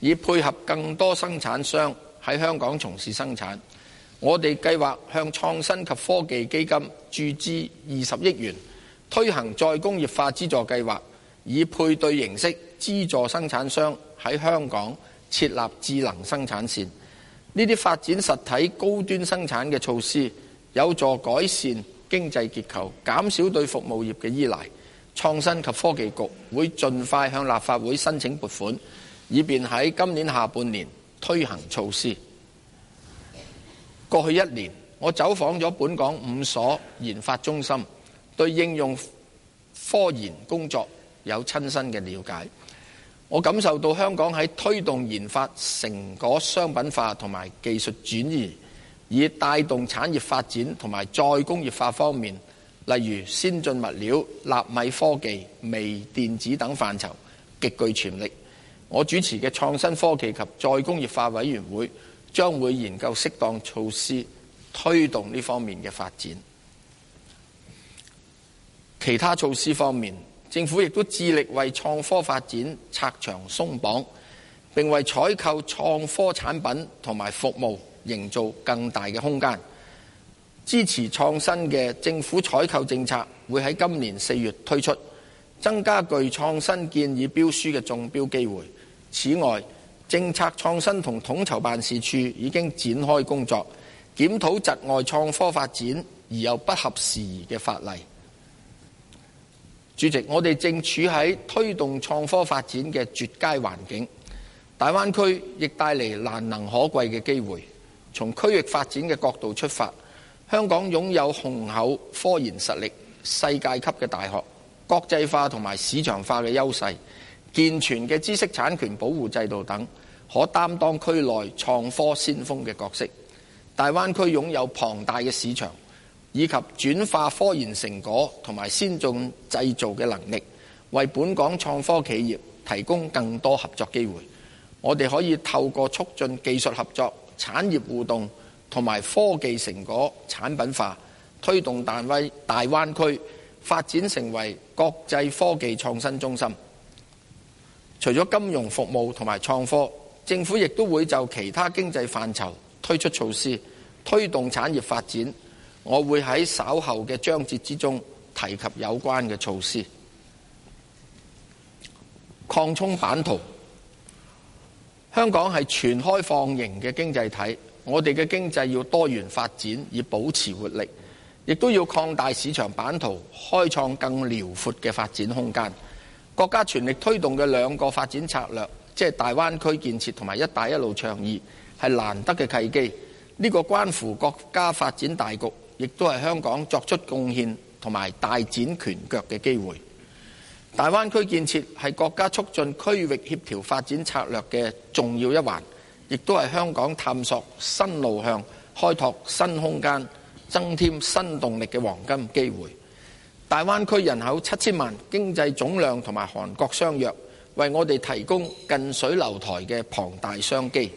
S1: 以配合更多生產商喺香港從事生產，我哋計劃向創新及科技基金注資二十億元，推行再工業化資助計劃，以配對形式資助生產商喺香港設立智能生產線。呢啲發展實體高端生產嘅措施有助改善經濟結構，減少對服務業嘅依賴。創新及科技局會盡快向立法會申請撥款。以便喺今年下半年推行措施。過去一年，我走訪咗本港五所研發中心，對應用科研工作有親身嘅了解。我感受到香港喺推動研發成果商品化同埋技術轉移，以帶動產業發展同埋再工業化方面，例如先進物料、納米科技、微電子等範疇，極具潛力。我主持嘅創新科技及再工業化委員會將會研究適當措施，推動呢方面嘅發展。其他措施方面，政府亦都致力為創科發展拆牆鬆綁，並為採購創科產品同埋服務營造更大嘅空間。支持創新嘅政府採購政策會喺今年四月推出，增加具創新建議標書嘅中標機會。此外，政策創新同統籌辦事處已經展開工作，檢討窒礙創科發展而又不合時宜嘅法例。主席，我哋正處喺推動創科發展嘅絕佳環境，大灣區亦帶嚟難能可貴嘅機會。從區域發展嘅角度出發，香港擁有雄厚科研實力、世界級嘅大學、國際化同埋市場化嘅優勢。健全嘅知識產權保護制度等，可擔當區內創科先鋒嘅角色。大灣區擁有龐大嘅市場，以及轉化科研成果同埋先進製造嘅能力，為本港創科企業提供更多合作機會。我哋可以透過促進技術合作、產業互動同埋科技成果產品化，推動大灣大灣區發展成為國際科技創新中心。除咗金融服務同埋創科，政府亦都會就其他經濟範疇推出措施，推動產業發展。我會喺稍後嘅章節之中提及有關嘅措施，擴充版圖。香港係全開放型嘅經濟體，我哋嘅經濟要多元發展，以保持活力，亦都要擴大市場版圖，開創更遼闊嘅發展空間。國家全力推動嘅兩個發展策略，即係大灣區建設同埋一帶一路倡議，係難得嘅契機。呢個關乎國家發展大局，亦都係香港作出貢獻同埋大展拳腳嘅機會。大灣區建設係國家促進區域協調發展策略嘅重要一環，亦都係香港探索新路向、開拓新空間、增添新動力嘅黃金機會。大灣區人口七千萬，經濟總量同埋韓國相若，為我哋提供近水樓台嘅龐大商機。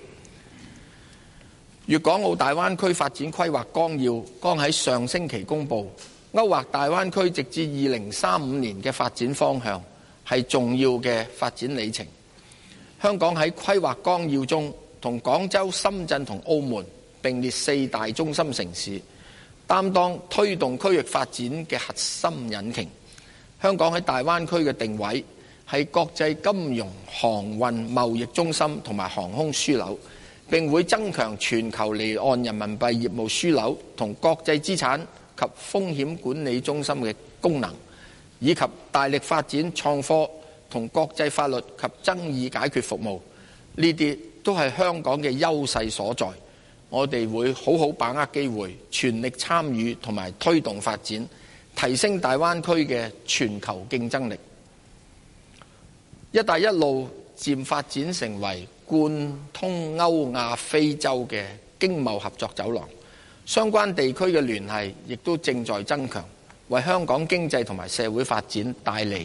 S1: 粵港澳大灣區發展規劃綱要剛喺上星期公布，勾劃大灣區直至二零三五年嘅發展方向，係重要嘅發展里程。香港喺規劃綱要中，同廣州、深圳同澳門並列四大中心城市。擔當推動區域發展嘅核心引擎，香港喺大灣區嘅定位係國際金融、航運、貿易中心同埋航空樞紐，並會增強全球離岸人民幣業務樞紐同國際資產及風險管理中心嘅功能，以及大力發展創科同國際法律及爭議解決服務。呢啲都係香港嘅優勢所在。我哋會好好把握機會，全力參與同埋推動發展，提升大灣區嘅全球競爭力。一帶一路漸發展成為貫通歐亞非洲嘅經貿合作走廊，相關地區嘅聯繫亦都正在增強，為香港經濟同埋社會發展帶嚟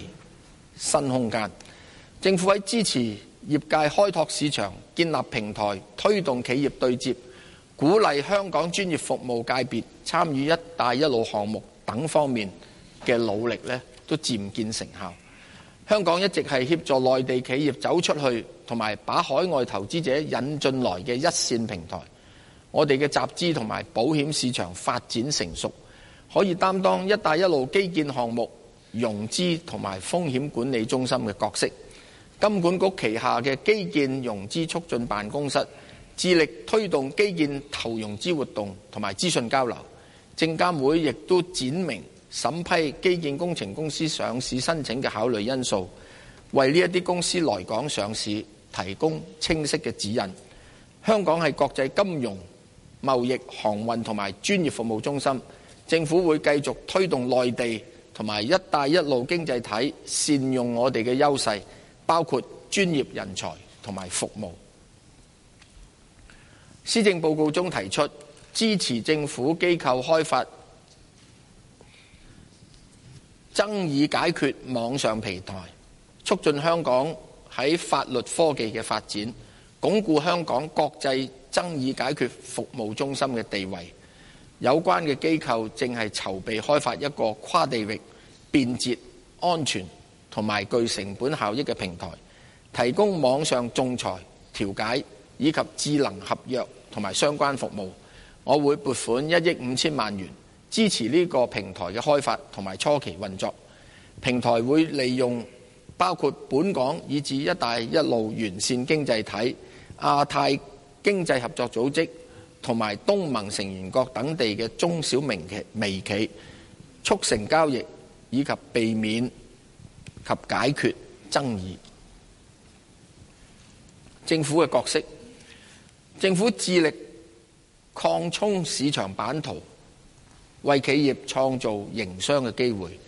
S1: 新空間。政府喺支持業界開拓市場、建立平台、推動企業對接、鼓勵香港專業服務界別參與「一帶一路」項目等方面嘅努力呢都漸見成效。香港一直係協助內地企業走出去，同埋把海外投資者引進來嘅一線平台。我哋嘅集資同埋保險市場發展成熟，可以擔當「一帶一路」基建項目融資同埋風險管理中心嘅角色。金管局旗下嘅基建融資促進辦公室，致力推動基建投融資活動同埋資訊交流，證監會亦都闡明審批基建工程公司上市申請嘅考慮因素，為呢一啲公司來港上市提供清晰嘅指引。香港係國際金融、貿易、航運同埋專業服務中心，政府會繼續推動內地同埋「一帶一路」經濟體善用我哋嘅優勢，包括專業人才同埋服務。施政報告中提出支持政府機構開發爭議解決網上平台，促進香港喺法律科技嘅發展，鞏固香港國際爭議解決服務中心嘅地位。有關嘅機構正係籌備開發一個跨地域、便捷、安全同埋具成本效益嘅平台，提供網上仲裁、調解以及智能合約。同埋相關服務，我會撥款一億五千萬元支持呢個平台嘅開發同埋初期運作。平台會利用包括本港以至“一帶一路”完善經濟體、亞太經濟合作組織同埋東盟成員國等地嘅中小名企微企，促成交易以及避免及解決爭議。政府嘅角色。政府致力擴充市場版圖，為企業創造營商嘅機會。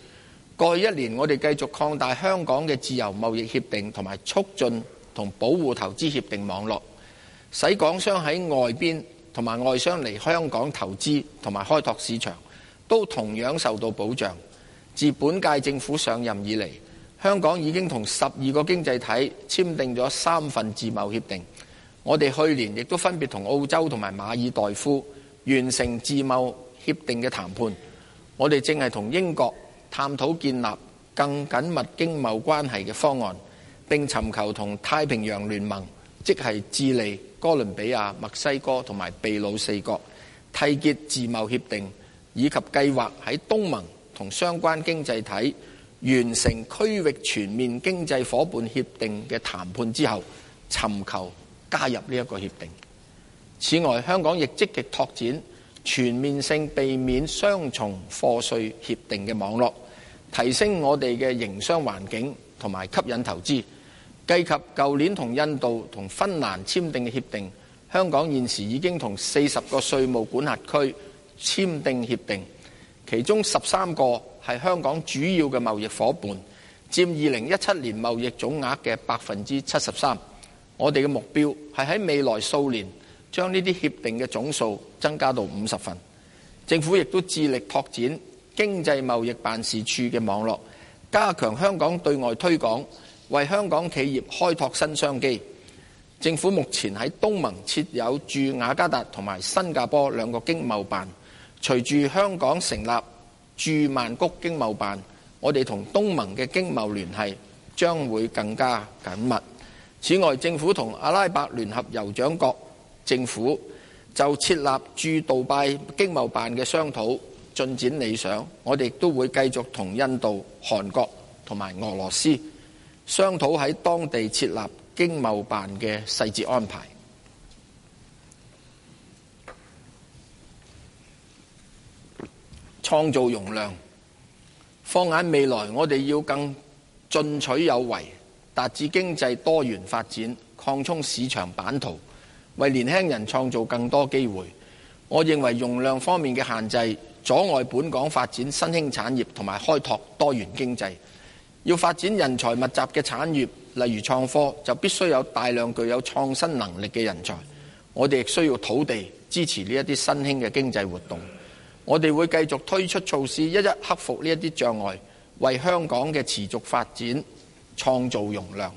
S1: 過去一年，我哋繼續擴大香港嘅自由貿易協定，同埋促進同保護投資協定網絡，使港商喺外邊同埋外商嚟香港投資同埋開拓市場都同樣受到保障。自本屆政府上任以嚟，香港已經同十二個經濟體簽訂咗三份自貿協定。我哋去年亦都分別同澳洲同埋馬爾代夫完成自貿協定嘅談判。我哋正係同英國探討建立更緊密經貿關係嘅方案，並尋求同太平洋聯盟，即係智利、哥倫比亞、墨西哥同埋秘魯四國締結自貿協定，以及計劃喺東盟同相關經濟體完成區域全面經濟伙伴協定嘅談判之後，尋求加入呢一個協定。此外，香港亦積極拓展全面性避免雙重課稅協定嘅網絡，提升我哋嘅營商環境同埋吸引投資。計及舊年同印度同芬蘭簽訂嘅協定，香港現時已經同四十個稅務管轄區簽訂協定，其中十三個係香港主要嘅貿易伙伴，佔二零一七年貿易總額嘅百分之七十三。我哋嘅目標係喺未來數年將呢啲協定嘅總數增加到五十份。政府亦都致力拓展經濟貿易辦事處嘅網絡，加強香港對外推廣，為香港企業開拓新商機。政府目前喺東盟設有駐雅加達同埋新加坡兩個經貿辦，隨住香港成立駐曼谷經貿辦，我哋同東盟嘅經貿聯繫將會更加緊密。此外，政府同阿拉伯聯合酋長國政府就設立駐杜拜經貿辦嘅商討進展理想，我哋亦都會繼續同印度、韓國同埋俄羅斯商討喺當地設立經貿辦嘅細節安排，創造容量。放眼未來，我哋要更進取有為。達至經濟多元發展，擴充市場版圖，為年輕人創造更多機會。我認為容量方面嘅限制，阻礙本港發展新興產業同埋開拓多元經濟。要發展人才密集嘅產業，例如創科，就必須有大量具有創新能力嘅人才。我哋亦需要土地支持呢一啲新興嘅經濟活動。我哋會繼續推出措施，一一克服呢一啲障礙，為香港嘅持續發展，創造容量。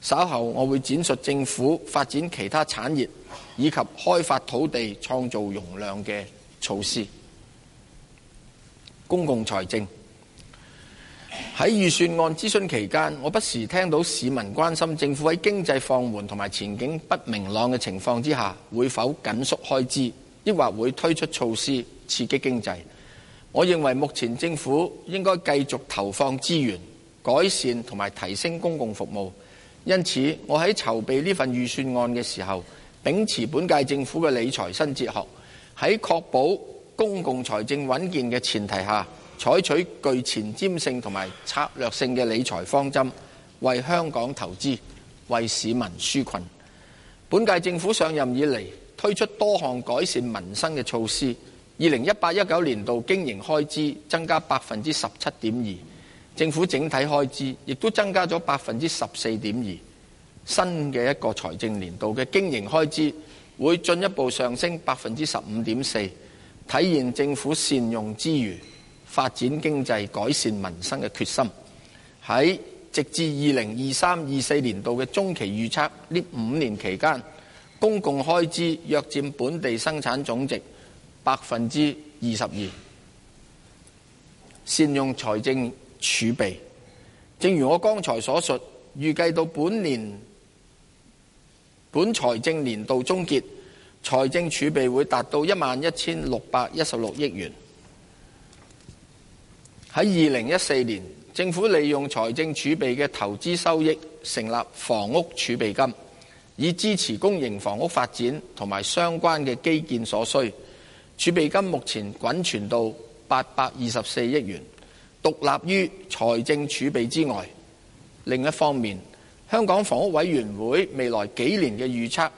S1: 稍後我會展述政府發展其他產業以及開發土地創造容量嘅措施。公共財政。喺預算案諮詢期間，我不時聽到市民關心政府喺經濟放緩同埋前景不明朗嘅情況之下，會否緊縮開支，抑或會推出措施刺激經濟。我認為目前政府應該繼續投放資源。改善同埋提升公共服務，因此我喺籌備呢份預算案嘅時候，秉持本屆政府嘅理財新哲學，喺確保公共財政穩健嘅前提下，採取具前瞻性同埋策略性嘅理財方針，為香港投資，為市民紓困。本屆政府上任以嚟，推出多項改善民生嘅措施，二零一八一九年度經營開支增加百分之十七點二。政府整體開支亦都增加咗百分之十四點二，新嘅一個財政年度嘅經營開支會進一步上升百分之十五點四，體現政府善用之餘發展經濟、改善民生嘅決心。喺直至二零二三、二四年度嘅中期預測，呢五年期間，公共開支約佔本地生產總值百分之二十二，善用財政儲備，正如我剛才所述，預計到本年本財政年度終結，財政儲備會達到一萬一千六百一十六億元。喺二零一四年，政府利用財政儲備嘅投資收益，成立房屋儲備金，以支持公營房屋發展同埋相關嘅基建所需。儲備金目前滾存到八百二十四億元。獨立於財政儲備之外，另一方面，香港房屋委員會未來幾年嘅預測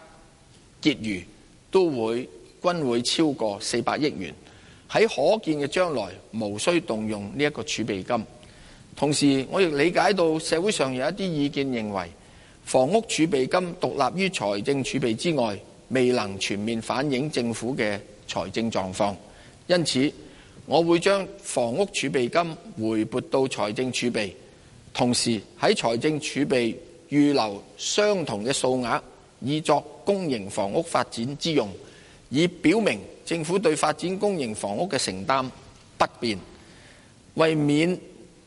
S1: 結餘都會均會超過四百億元，喺可見嘅將來無需動用呢一個儲備金。同時，我亦理解到社會上有一啲意見認為，房屋儲備金獨立於財政儲備之外，未能全面反映政府嘅財政狀況，因此，我會將房屋儲備金回撥到財政儲備，同時喺財政儲備預留相同嘅數額，以作公營房屋發展之用，以表明政府對發展公營房屋嘅承擔不變。為免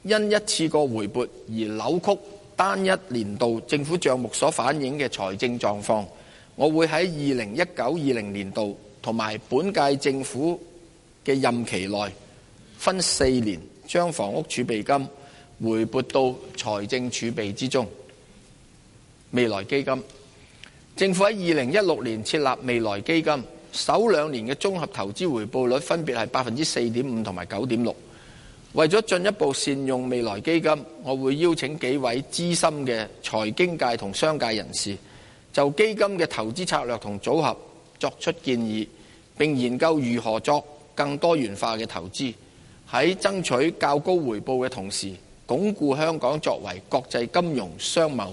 S1: 因一次過回撥而扭曲單一年度政府帳目所反映嘅財政狀況，我會喺二零一九二零年度同埋本屆政府嘅任期內，分四年將房屋儲備金回撥到財政儲備之中。未來基金，政府喺二零一六年設立未來基金，首兩年嘅綜合投資回報率分別係百分之四點五同埋九點六。為咗進一步善用未來基金，我會邀請幾位資深嘅財經界同商界人士，就基金嘅投資策略同組合作出建議，並研究如何作更多元化嘅投資，喺爭取較高回報嘅同時，鞏固香港作為國際金融、商貿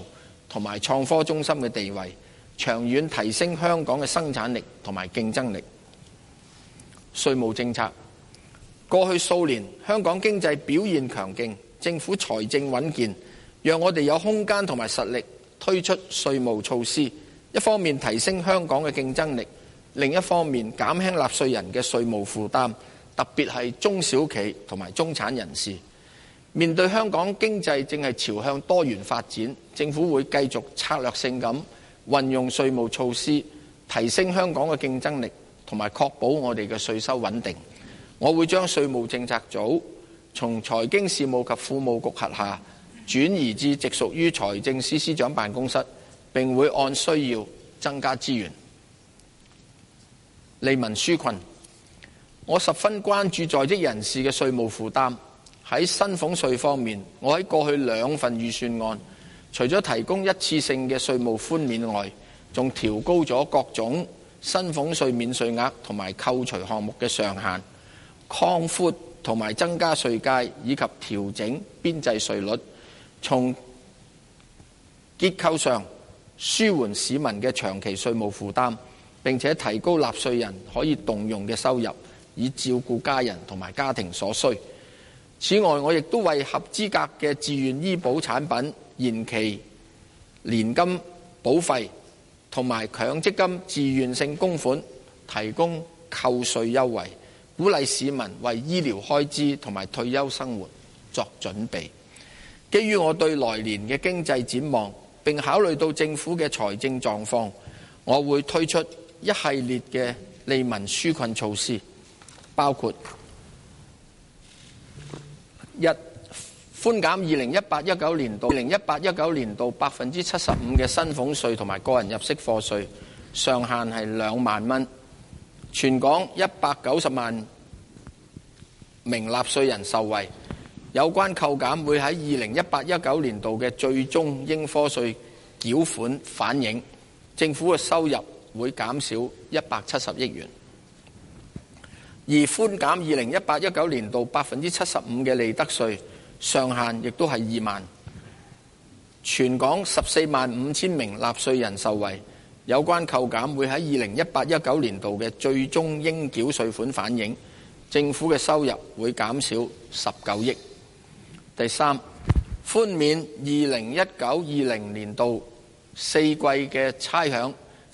S1: 同埋創科中心嘅地位，長遠提升香港嘅生產力同埋競爭力。稅務政策，過去數年，香港經濟表現強勁，政府財政穩健，讓我哋有空間同埋實力推出稅務措施，一方面提升香港嘅競爭力。另一方面，減輕納稅人嘅稅務負擔，特別係中小企同埋中產人士。面對香港經濟正係朝向多元發展，政府會繼續策略性咁運用稅務措施，提升香港嘅競爭力，同埋確保我哋嘅稅收穩定。我會將稅務政策組從財經事務及庫務局轄下，轉移至直屬於財政司司長辦公室，並會按需要增加資源。利民紓困，我十分關注在職人士嘅稅務負擔。喺薪俸稅方面，我喺過去兩份預算案，除咗提供一次性嘅稅務寬免外，仲調高咗各種薪俸稅免稅額同埋扣除項目嘅上限，擴闊同埋增加稅階以及調整邊際稅率，從結構上舒緩市民嘅長期稅務負擔。並且提高納稅人可以動用嘅收入，以照顧家人同埋家庭所需。此外，我亦都為合資格嘅自願醫保產品、延期年金保費同埋強積金、自願性供款提供扣稅優惠，鼓勵市民為醫療開支同埋退休生活作準備。基於我對來年嘅經濟展望，並考慮到政府嘅財政狀況，我會推出，一系列嘅利民紓困措施，包括一寬減二零一八一九年度，二零一八一九年度百分之七十五嘅薪俸稅同埋個人入息課稅上限係兩萬蚊，全港一百九十萬名納稅人受惠。有關扣減會喺二零一八一九年度嘅最終應科稅繳款反映政府嘅收入。會減少一百七十億元，而寬減二零一八一九年度百分之七十五嘅利得稅上限，亦都係二萬，全港十四萬五千名納稅人受惠。有關扣減會喺二零一八一九年度嘅最終應繳稅款反映，政府嘅收入會減少十九億。第三，寬免二零一九二零年度四季嘅差餉。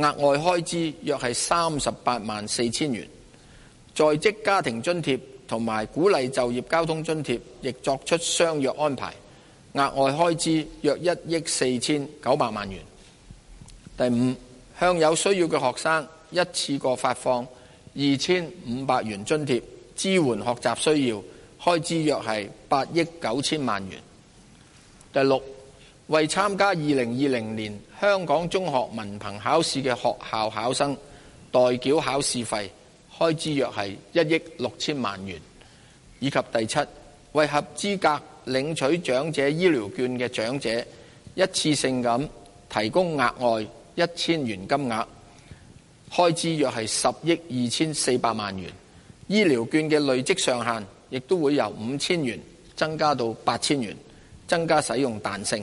S1: 額外開支約係三十八萬四千元，在職家庭津貼同埋鼓勵就業交通津貼亦作出相若安排，額外開支約一億四千九百萬元。第五，向有需要嘅學生一次過發放二千五百元津貼，支援學習需要，開支約係八億九千萬元。第六，為參加二零二零年。香港中學文憑考試嘅學校考生代繳考試費，開支約係一億六千萬元。以及第七，為合資格領取長者醫療券嘅長者，一次性咁提供額外一千元金額，開支約係十億二千四百萬元。醫療券嘅累積上限亦都會由五千元增加到八千元，增加使用彈性。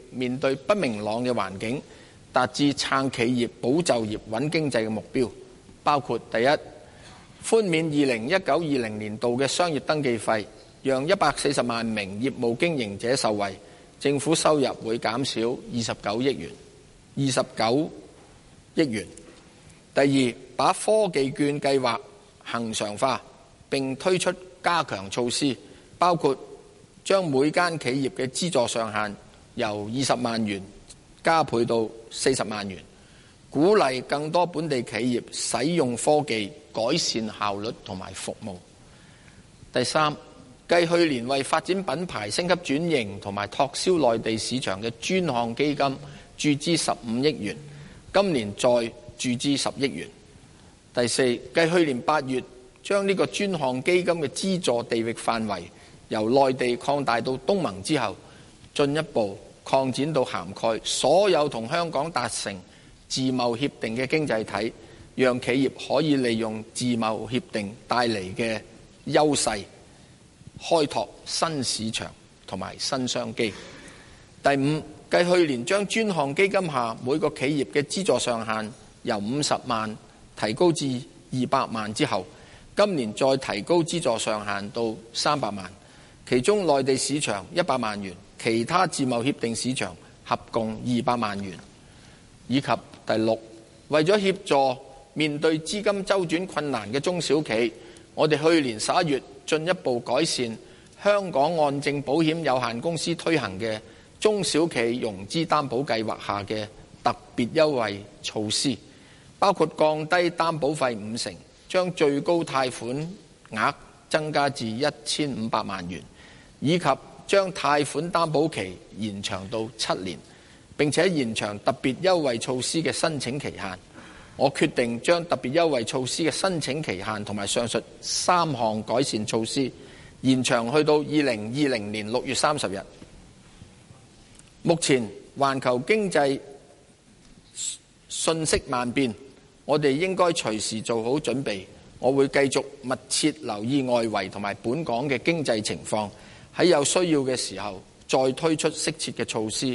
S1: 面對不明朗嘅環境，達至撐企業、保就業、穩經濟嘅目標，包括第一，寬免二零一九二零年度嘅商業登記費，讓一百四十萬名業務經營者受惠，政府收入會減少二十九億元。二十九億元。第二，把科技券計劃恒常化並推出加強措施，包括將每間企業嘅資助上限，由二十萬元加倍到四十萬元，鼓勵更多本地企業使用科技改善效率同埋服務。第三，繼去年為發展品牌升級轉型同埋拓銷內地市場嘅專項基金注資十五億元，今年再注資十億元。第四，繼去年八月將呢個專項基金嘅資助地域範圍由內地擴大到東盟之後。進一步擴展到涵蓋所有同香港達成自貿協定嘅經濟體，讓企業可以利用自貿協定帶嚟嘅優勢，開拓新市場同埋新商機。第五，繼去年將專項基金下每個企業嘅資助上限由五十萬提高至二百萬之後，今年再提高資助上限到三百萬，其中內地市場一百萬元。其他自貿協定市場合共二百萬元，以及第六，為咗協助面對資金周轉困難嘅中小企，我哋去年十一月進一步改善香港按證保險有限公司推行嘅中小企融資擔保計劃下嘅特別優惠措施，包括降低擔保費五成，將最高貸款額增加至一千五百萬元，以及。將貸款擔保期延長到七年，並且延長特別優惠措施嘅申請期限。我決定將特別優惠措施嘅申請期限同埋上述三項改善措施延長去到二零二零年六月三十日。目前環球經濟瞬息萬變，我哋應該隨時做好準備。我會繼續密切留意外圍同埋本港嘅經濟情況。喺有需要嘅時候，再推出適切嘅措施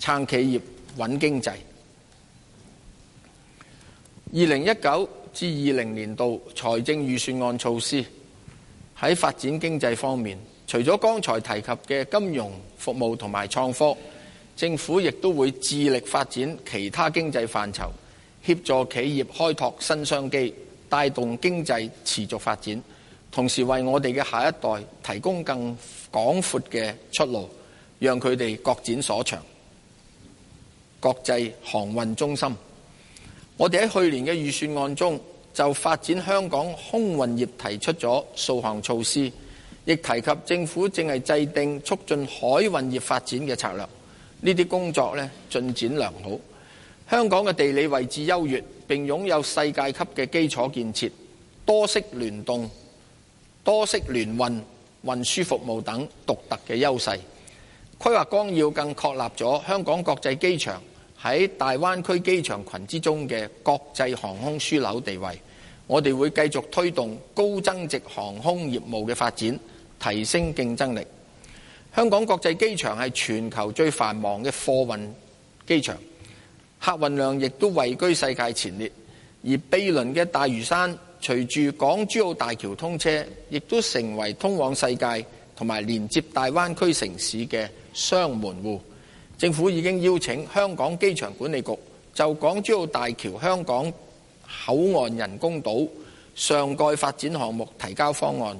S1: 撐企業、穩經濟。二零一九至二零年度財政預算案措施，喺發展經濟方面，除咗剛才提及嘅金融服務同埋創科，政府亦都會致力發展其他經濟範疇，協助企業開拓新商機，帶動經濟持續發展，同時為我哋嘅下一代提供更廣闊嘅出路，讓佢哋各展所長。國際航運中心，我哋喺去年嘅預算案中就發展香港空運業提出咗數項措施，亦提及政府正係制定促進海運業發展嘅策略。呢啲工作呢，進展良好。香港嘅地理位置優越，並擁有世界級嘅基礎建設，多式聯動，多式聯運。運輸服務等獨特嘅優勢，規劃綱要更確立咗香港國際機場喺大灣區機場群之中嘅國際航空樞紐地位。我哋會繼續推動高增值航空業務嘅發展，提升競爭力。香港國際機場係全球最繁忙嘅貨運機場，客運量亦都位居世界前列。而毗鄰嘅大嶼山隨住港珠澳大橋通車，亦都成為通往世界同埋連接大灣區城市嘅雙門戶。政府已經邀請香港機場管理局就港珠澳大橋香港口岸人工島上蓋發展項目提交方案，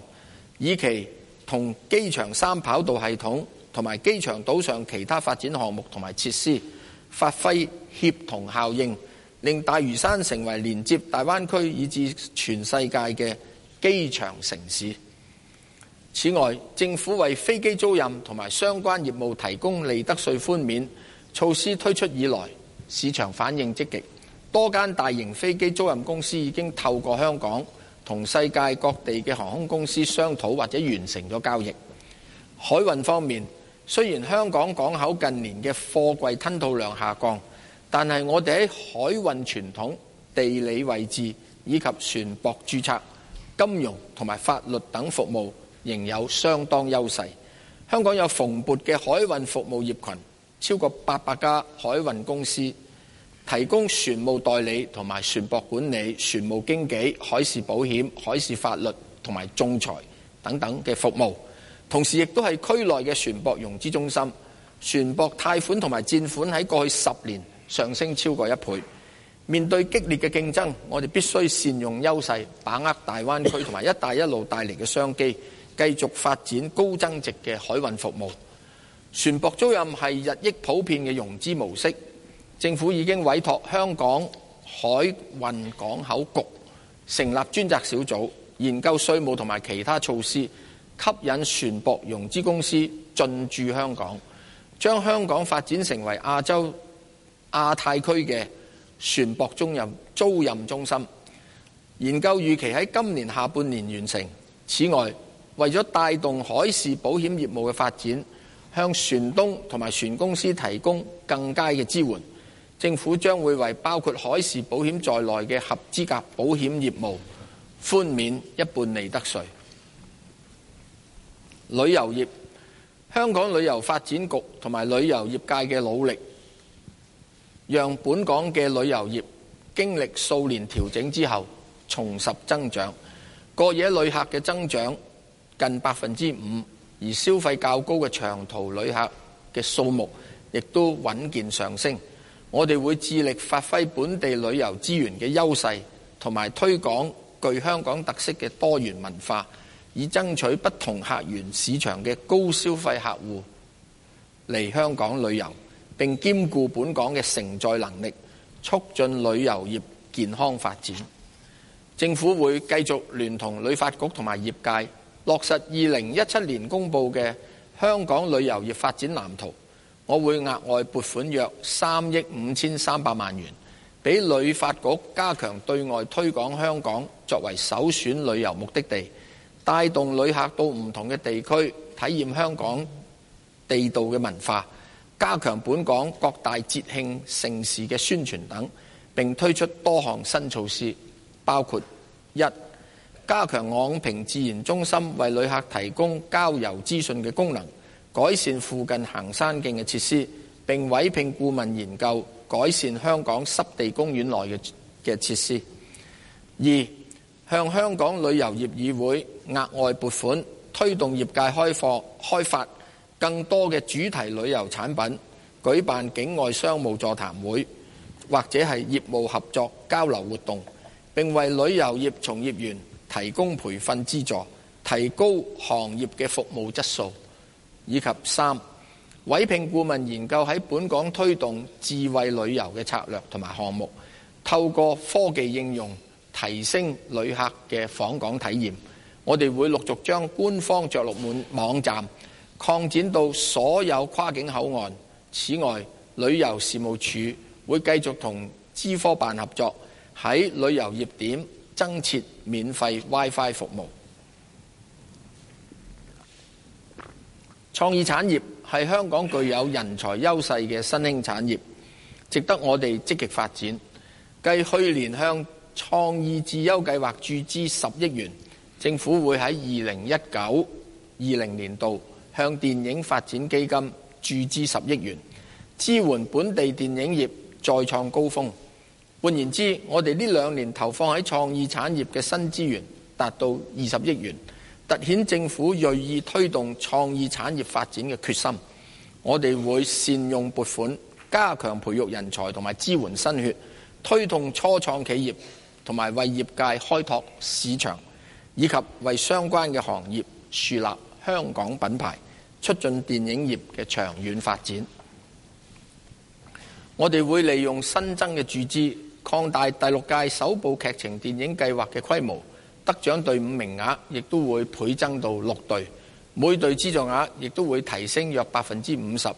S1: 以期同機場三跑道系統同埋機場島上其他發展項目同埋設施發揮協同效應。令大嶼山成為連接大灣區以至全世界嘅機場城市。此外，政府為飛機租賃同埋相關業務提供利得稅寬免措施，推出以來，市場反應積極，多間大型飛機租賃公司已經透過香港同世界各地嘅航空公司商討或者完成咗交易。海運方面，雖然香港港口近年嘅貨櫃吞吐量下降。但係，我哋喺海運傳統、地理位置以及船舶註冊、金融同埋法律等服務，仍有相當優勢。香港有蓬勃嘅海運服務業群，超過八百家海運公司提供船務代理同埋船舶管理、船務經紀、海事保險、海事法律同埋仲裁等等嘅服務。同時，亦都係區內嘅船舶融資中心，船舶貸款同埋借款喺過去十年。上升超過一倍。面對激烈嘅競爭，我哋必須善用優勢，把握大灣區同埋一帶一路帶嚟嘅商機，繼續發展高增值嘅海運服務。船舶租賃係日益普遍嘅融資模式，政府已經委託香港海運港口局成立專責小組，研究稅務同埋其他措施，吸引船舶融資公司進駐香港，將香港發展成為亞洲。亞太區嘅船舶中心、租賃中心，研究預期喺今年下半年完成。此外，為咗帶動海事保險業務嘅發展，向船東同埋船公司提供更佳嘅支援，政府將會為包括海事保險在內嘅合資格保險業務寬免一半利得稅。旅遊業，香港旅遊發展局同埋旅遊業界嘅努力。讓本港嘅旅遊業經歷數年調整之後重拾增長，過夜旅客嘅增長近百分之五，而消費較高嘅長途旅客嘅數目亦都穩健上升。我哋會致力發揮本地旅遊資源嘅優勢，同埋推廣具香港特色嘅多元文化，以爭取不同客源市場嘅高消費客戶嚟香港旅遊，並兼顧本港嘅承載能力，促進旅遊業健康發展。政府會繼續聯同旅發局同埋業界，落實二零一七年公佈嘅《香港旅遊業發展藍圖》。我會額外撥款約三億五千三百萬元，俾旅發局加強對外推廣香港作為首選旅遊目的地，帶動旅客到唔同嘅地區體驗香港地道嘅文化。加強本港各大節慶盛事嘅宣傳等，並推出多項新措施，包括，一，加強昂坪自然中心為旅客提供郊遊資訊嘅功能，改善附近行山徑嘅設施，並委聘顧問研究改善香港濕地公園內嘅嘅設施；二，向香港旅遊業議會額外撥款，推動業界開放開發，更多嘅主題旅遊產品，舉辦境外商務座談會或者係業務合作交流活動，並為旅遊業從業員提供培訓資助，提高行業嘅服務質素。以及三委聘顧問研究喺本港推動智慧旅遊嘅策略同埋項目，透過科技應用提升旅客嘅訪港體驗。我哋會陸續將官方着陸門網站。擴展到所有跨境口岸。此外，旅遊事務署會繼續同資科辦合作，喺旅遊業點增設免費 WiFi 服務。創意產業係香港具有人才優勢嘅新興產業，值得我哋積極發展。繼去年向創意智優計劃注資十億元，政府會喺二零一九、二零年度，向電影發展基金注資十億元，支援本地電影業再創高峰。換言之，我哋呢兩年投放喺創意產業嘅新資源達到二十億元，凸顯政府銳意推動創意產業發展嘅決心。我哋會善用撥款，加強培育人才同埋支援新血，推動初創企業同埋為業界開拓市場，以及為相關嘅行業樹立香港品牌。促進電影業嘅長遠發展。我哋會利用新增嘅注資擴大第六屆首部劇情電影計劃嘅規模，得獎隊伍名額亦都會倍增到六隊，每隊資助額亦都會提升約百分之五十，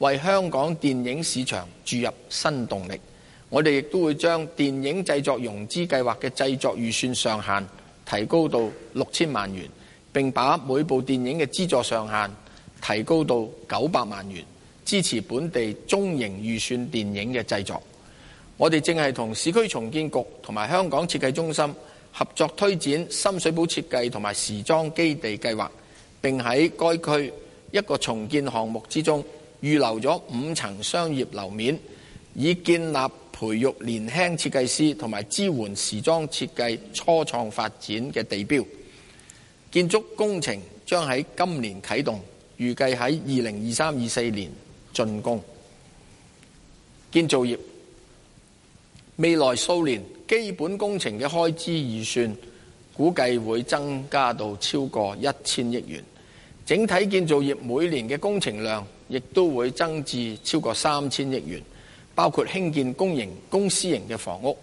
S1: 為香港電影市場注入新動力。我哋亦都會將電影製作融資計劃嘅製作預算上限提高到六千萬元，並把每部電影嘅資助上限。提高到九百萬元，支持本地中型預算電影嘅製作。我哋正係同市區重建局同埋香港設計中心合作，推展深水埗設計同埋時裝基地計劃，並喺該區一個重建項目之中預留咗五層商業樓面，以建立培育年輕設計師同埋支援時裝設計初創發展嘅地標。建築工程將喺今年啟動。預計喺二零二三、二四年竣工。建造業未來數年基本工程嘅開支預算，估計會增加到超過一千億元。整體建造業每年嘅工程量，亦都會增至超過三千億元，包括興建公營、公私營嘅房屋，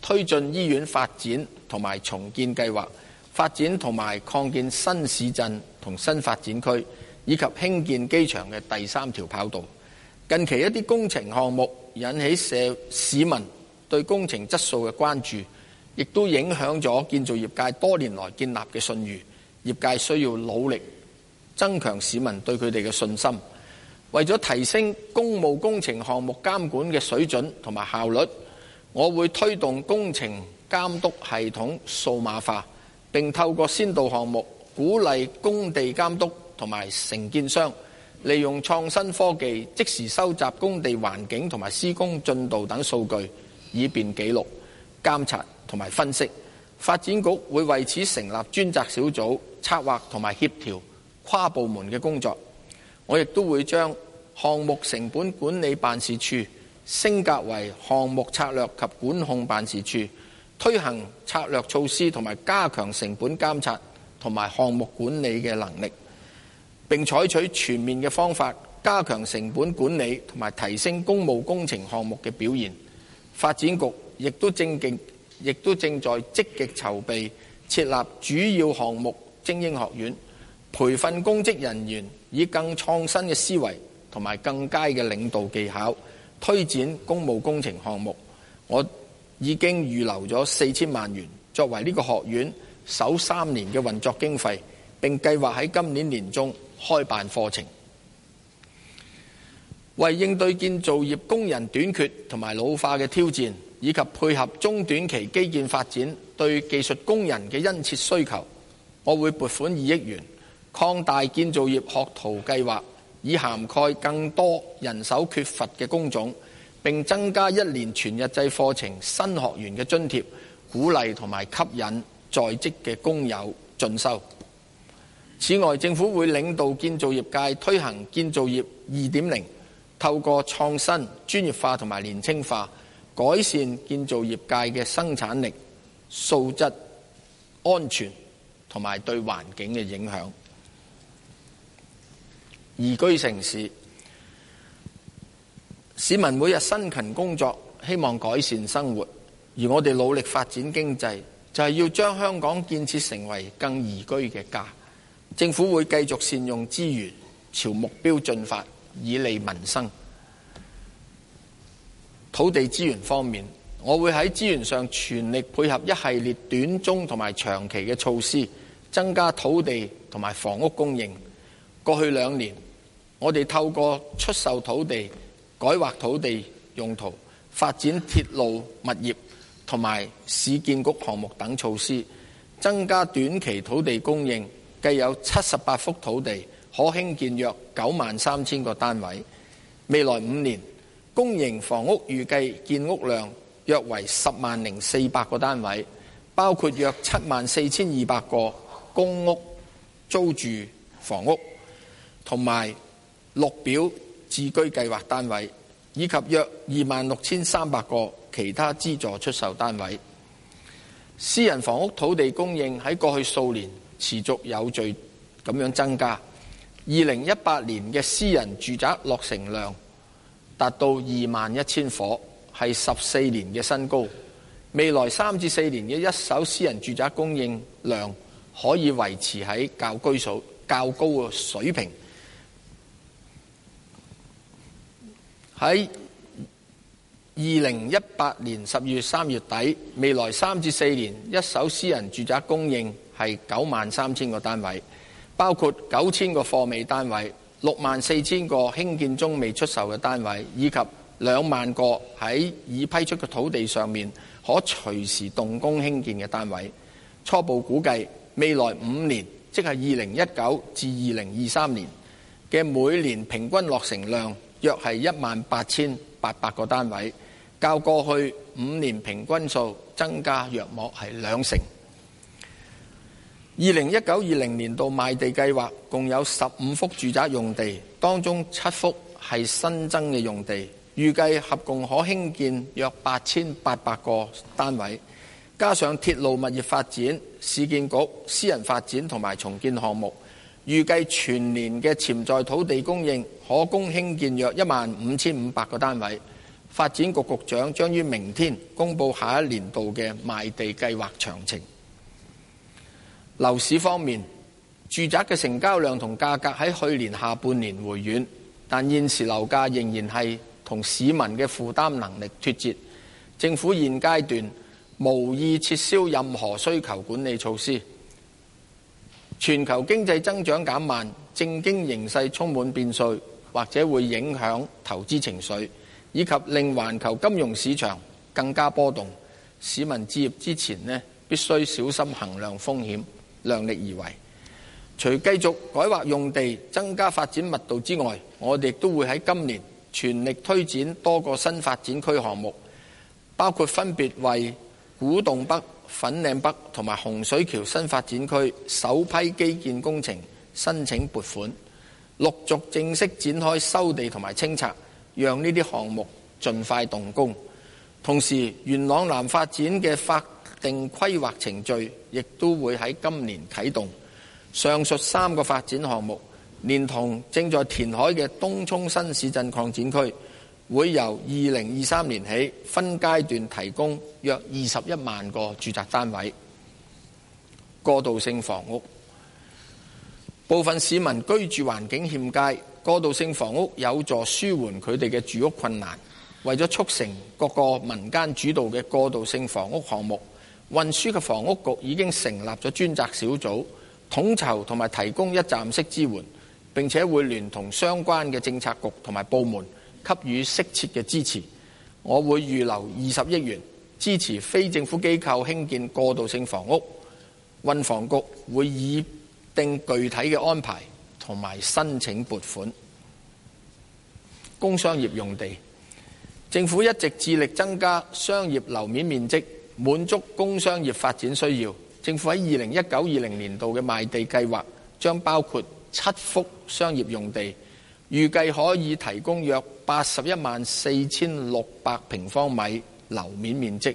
S1: 推進醫院發展同埋重建計劃，發展同埋擴建新市鎮同新發展區。以及興建機場嘅第三條跑道。近期一啲工程項目引起社市民對工程質素嘅關注，亦都影響咗建造業界多年來建立嘅信譽。業界需要努力增強市民對佢哋嘅信心。為咗提升公務工程項目監管嘅水準同埋效率，我會推動工程監督系統數碼化，並透過先導項目鼓勵工地監督，同埋承建商利用創新科技，即時收集工地環境同埋施工進度等數據，以便記錄、監察同埋分析。發展局會為此成立專責小組，策劃同埋協調跨部門嘅工作。我亦都會將項目成本管理辦事處升格為項目策略及管控辦事處，推行策略措施同埋加強成本監察同埋項目管理嘅能力。並採取全面嘅方法，加強成本管理同埋提升公務工程項目嘅表現。發展局亦都正亦都正在積極籌備設立主要項目精英學院，培訓公職人員，以更創新嘅思維同埋更佳嘅領導技巧推展公務工程項目。我已經預留咗四千萬元作為呢個學院首三年嘅運作經費。並計劃喺今年年中開辦課程，為應對建造業工人短缺同埋老化嘅挑戰，以及配合中短期基建發展對技術工人嘅殷切需求，我會撥款二億元擴大建造業學徒計劃，以涵蓋更多人手缺乏嘅工種，並增加一年全日制課程新學員嘅津貼，鼓勵同埋吸引在職嘅工友進修。此外，政府會領導建造業界推行建造業二點零，透過創新、專業化同埋年輕化，改善建造業界嘅生產力、素質、安全同埋對環境嘅影響。宜居城市，市民每日辛勤工作，希望改善生活，而我哋努力發展經濟，就係要將香港建設成為更宜居嘅家。政府會繼續善用資源，朝目標進發，以利民生。土地資源方面，我會喺資源上全力配合一系列短中同埋長期嘅措施，增加土地同埋房屋供應。過去兩年，我哋透過出售土地、改劃土地用途、發展鐵路物業同埋市建局項目等措施，增加短期土地供應。計有七十八幅土地可興建，約九萬三千個單位。未來五年公營房屋預計建屋量約為十萬零四百個單位，包括約七萬四千二百個公屋租住房屋，同埋綠表自居計劃單位，以及約二萬六千三百個其他資助出售單位。私人房屋土地供應喺過去數年，持續有序咁樣增加。二零一八年嘅私人住宅落成量達到二萬一千伙，係十四年嘅新高。未來三至四年嘅一手私人住宅供應量可以維持喺較居數較高嘅水平。喺二零一八年十月三月底，未來三至四年一手私人住宅供應。係九萬三千個單位，包括九千個貨尾單位、六萬四千個興建中未出售嘅單位，以及兩萬個喺已批出嘅土地上面可隨時動工興建嘅單位。初步估計，未來五年，即係二零一九至二零二三年嘅每年平均落成量約係一萬八千八百個單位，較過去五年平均數增加約莫係兩成。二零一九二零年度賣地計劃共有十五幅住宅用地，當中七幅係新增嘅用地，預計合共可興建約八千八百個單位。加上鐵路物業發展、市建局私人發展同埋重建項目，預計全年嘅潛在土地供應可供興建約一萬五千五百個單位。發展局局長將於明天公布下一年度嘅賣地計劃詳情。樓市方面，住宅嘅成交量同價格喺去年下半年回軟，但現時樓價仍然係同市民嘅負擔能力脱節。政府現階段無意撤銷任何需求管理措施。全球經濟增長減慢，政經形勢充滿變數，或者會影響投資情緒，以及令環球金融市場更加波動。市民置業之前呢，必須小心衡量風險。量力而為，除繼續改劃用地、增加發展密度之外，我哋都會喺今年全力推展多個新發展區項目，包括分別為古洞北、粉嶺北同埋洪水橋新發展區首批基建工程申請撥款，陸續正式展開收地同埋清拆，讓呢啲項目盡快動工。同時，元朗南發展嘅發定規劃程序，亦都會喺今年啟動上述三個發展項目，連同正在填海嘅東涌新市鎮擴展區，會由二零二三年起分階段提供約二十一萬個住宅單位。過渡性房屋。部分市民居住環境欠佳，過渡性房屋有助舒緩佢哋嘅住屋困難。為咗促成各個民間主導嘅過渡性房屋項目，運輸及房屋局已經成立咗專責小組，統籌同埋提供一站式支援，並且會聯同相關嘅政策局同埋部門給予適切嘅支持。我會預留二十億元支持非政府機構興建過渡性房屋。運房局會擬定具體嘅安排同埋申請撥款。工商業用地，政府一直致力增加商業樓面面積。滿足工商業發展需要，政府喺二零一九至二零年度嘅賣地計劃將包括七幅商業用地，預計可以提供約八十一萬四千六百平方米樓面面積，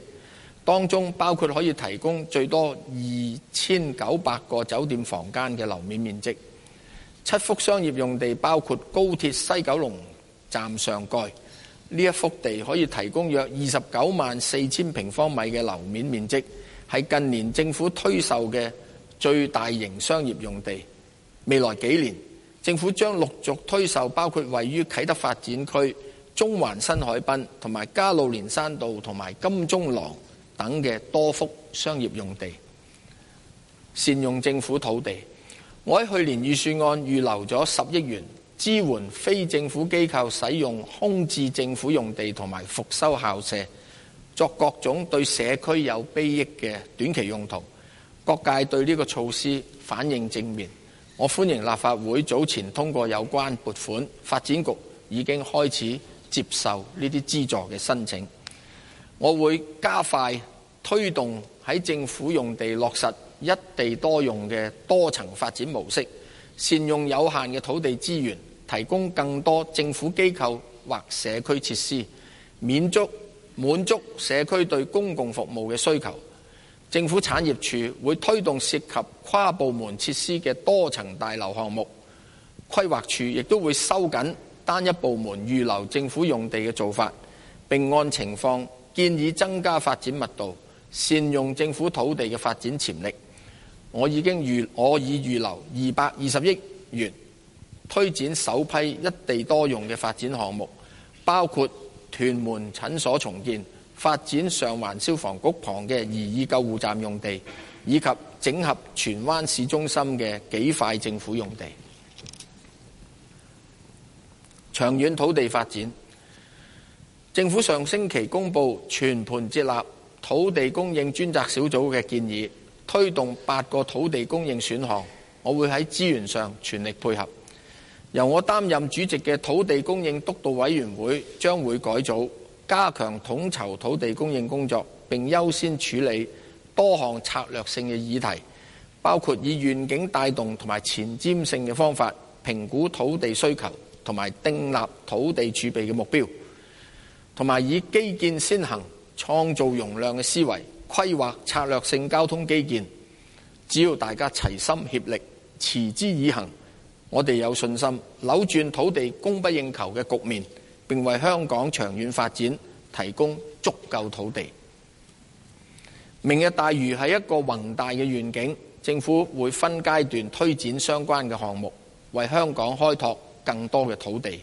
S1: 當中包括可以提供最多二千九百個酒店房間嘅樓面面積。七幅商業用地包括高鐵西九龍站上蓋。呢一幅地可以提供約二十九萬四千平方米嘅樓面面積，係近年政府推售嘅最大型商業用地。未來幾年，政府將陸續推售包括位於啟德發展區、中環新海濱、同埋加路連山道同埋金鐘廊等嘅多幅商業用地。善用政府土地，我喺去年預算案預留咗十億元。支援非政府機構使用空置政府用地同埋復修校舍，作各種對社區有裨益嘅短期用途。各界對呢個措施反應正面，我歡迎立法會早前通過有關撥款，發展局已經開始接受呢啲資助嘅申請。我會加快推動喺政府用地落實一地多用嘅多層發展模式。善用有限嘅土地資源，提供更多政府機構或社區設施，免足滿足社區對公共服務嘅需求。政府產業處會推動涉及跨部門設施嘅多層大樓項目。規劃處亦都會收緊單一部門預留政府用地嘅做法，並按情況建議增加發展密度，善用政府土地嘅發展潛力。我已經預，我已預留二百二十億元推展首批一地多用嘅發展項目，包括屯門診所重建、發展上環消防局旁嘅二醫救護站用地，以及整合荃灣市中心嘅幾塊政府用地。長遠土地發展，政府上星期公布全盤接納土地供應專責小組嘅建議。推動八個土地供應選項，我會喺資源上全力配合。由我擔任主席嘅土地供應督導委員會將會改組，加強統籌土地供應工作，並優先處理多項策略性嘅議題，包括以願景帶動同埋前瞻性嘅方法評估土地需求，同埋訂立土地儲備嘅目標，同埋以基建先行創造容量嘅思維。規劃策略性交通基建，只要大家齊心協力、持之以恆，我哋有信心扭轉土地供不應求嘅局面，並為香港長遠發展提供足夠土地。明日大嶼係一個宏大嘅願景，政府會分階段推展相關嘅項目，為香港開拓更多嘅土地，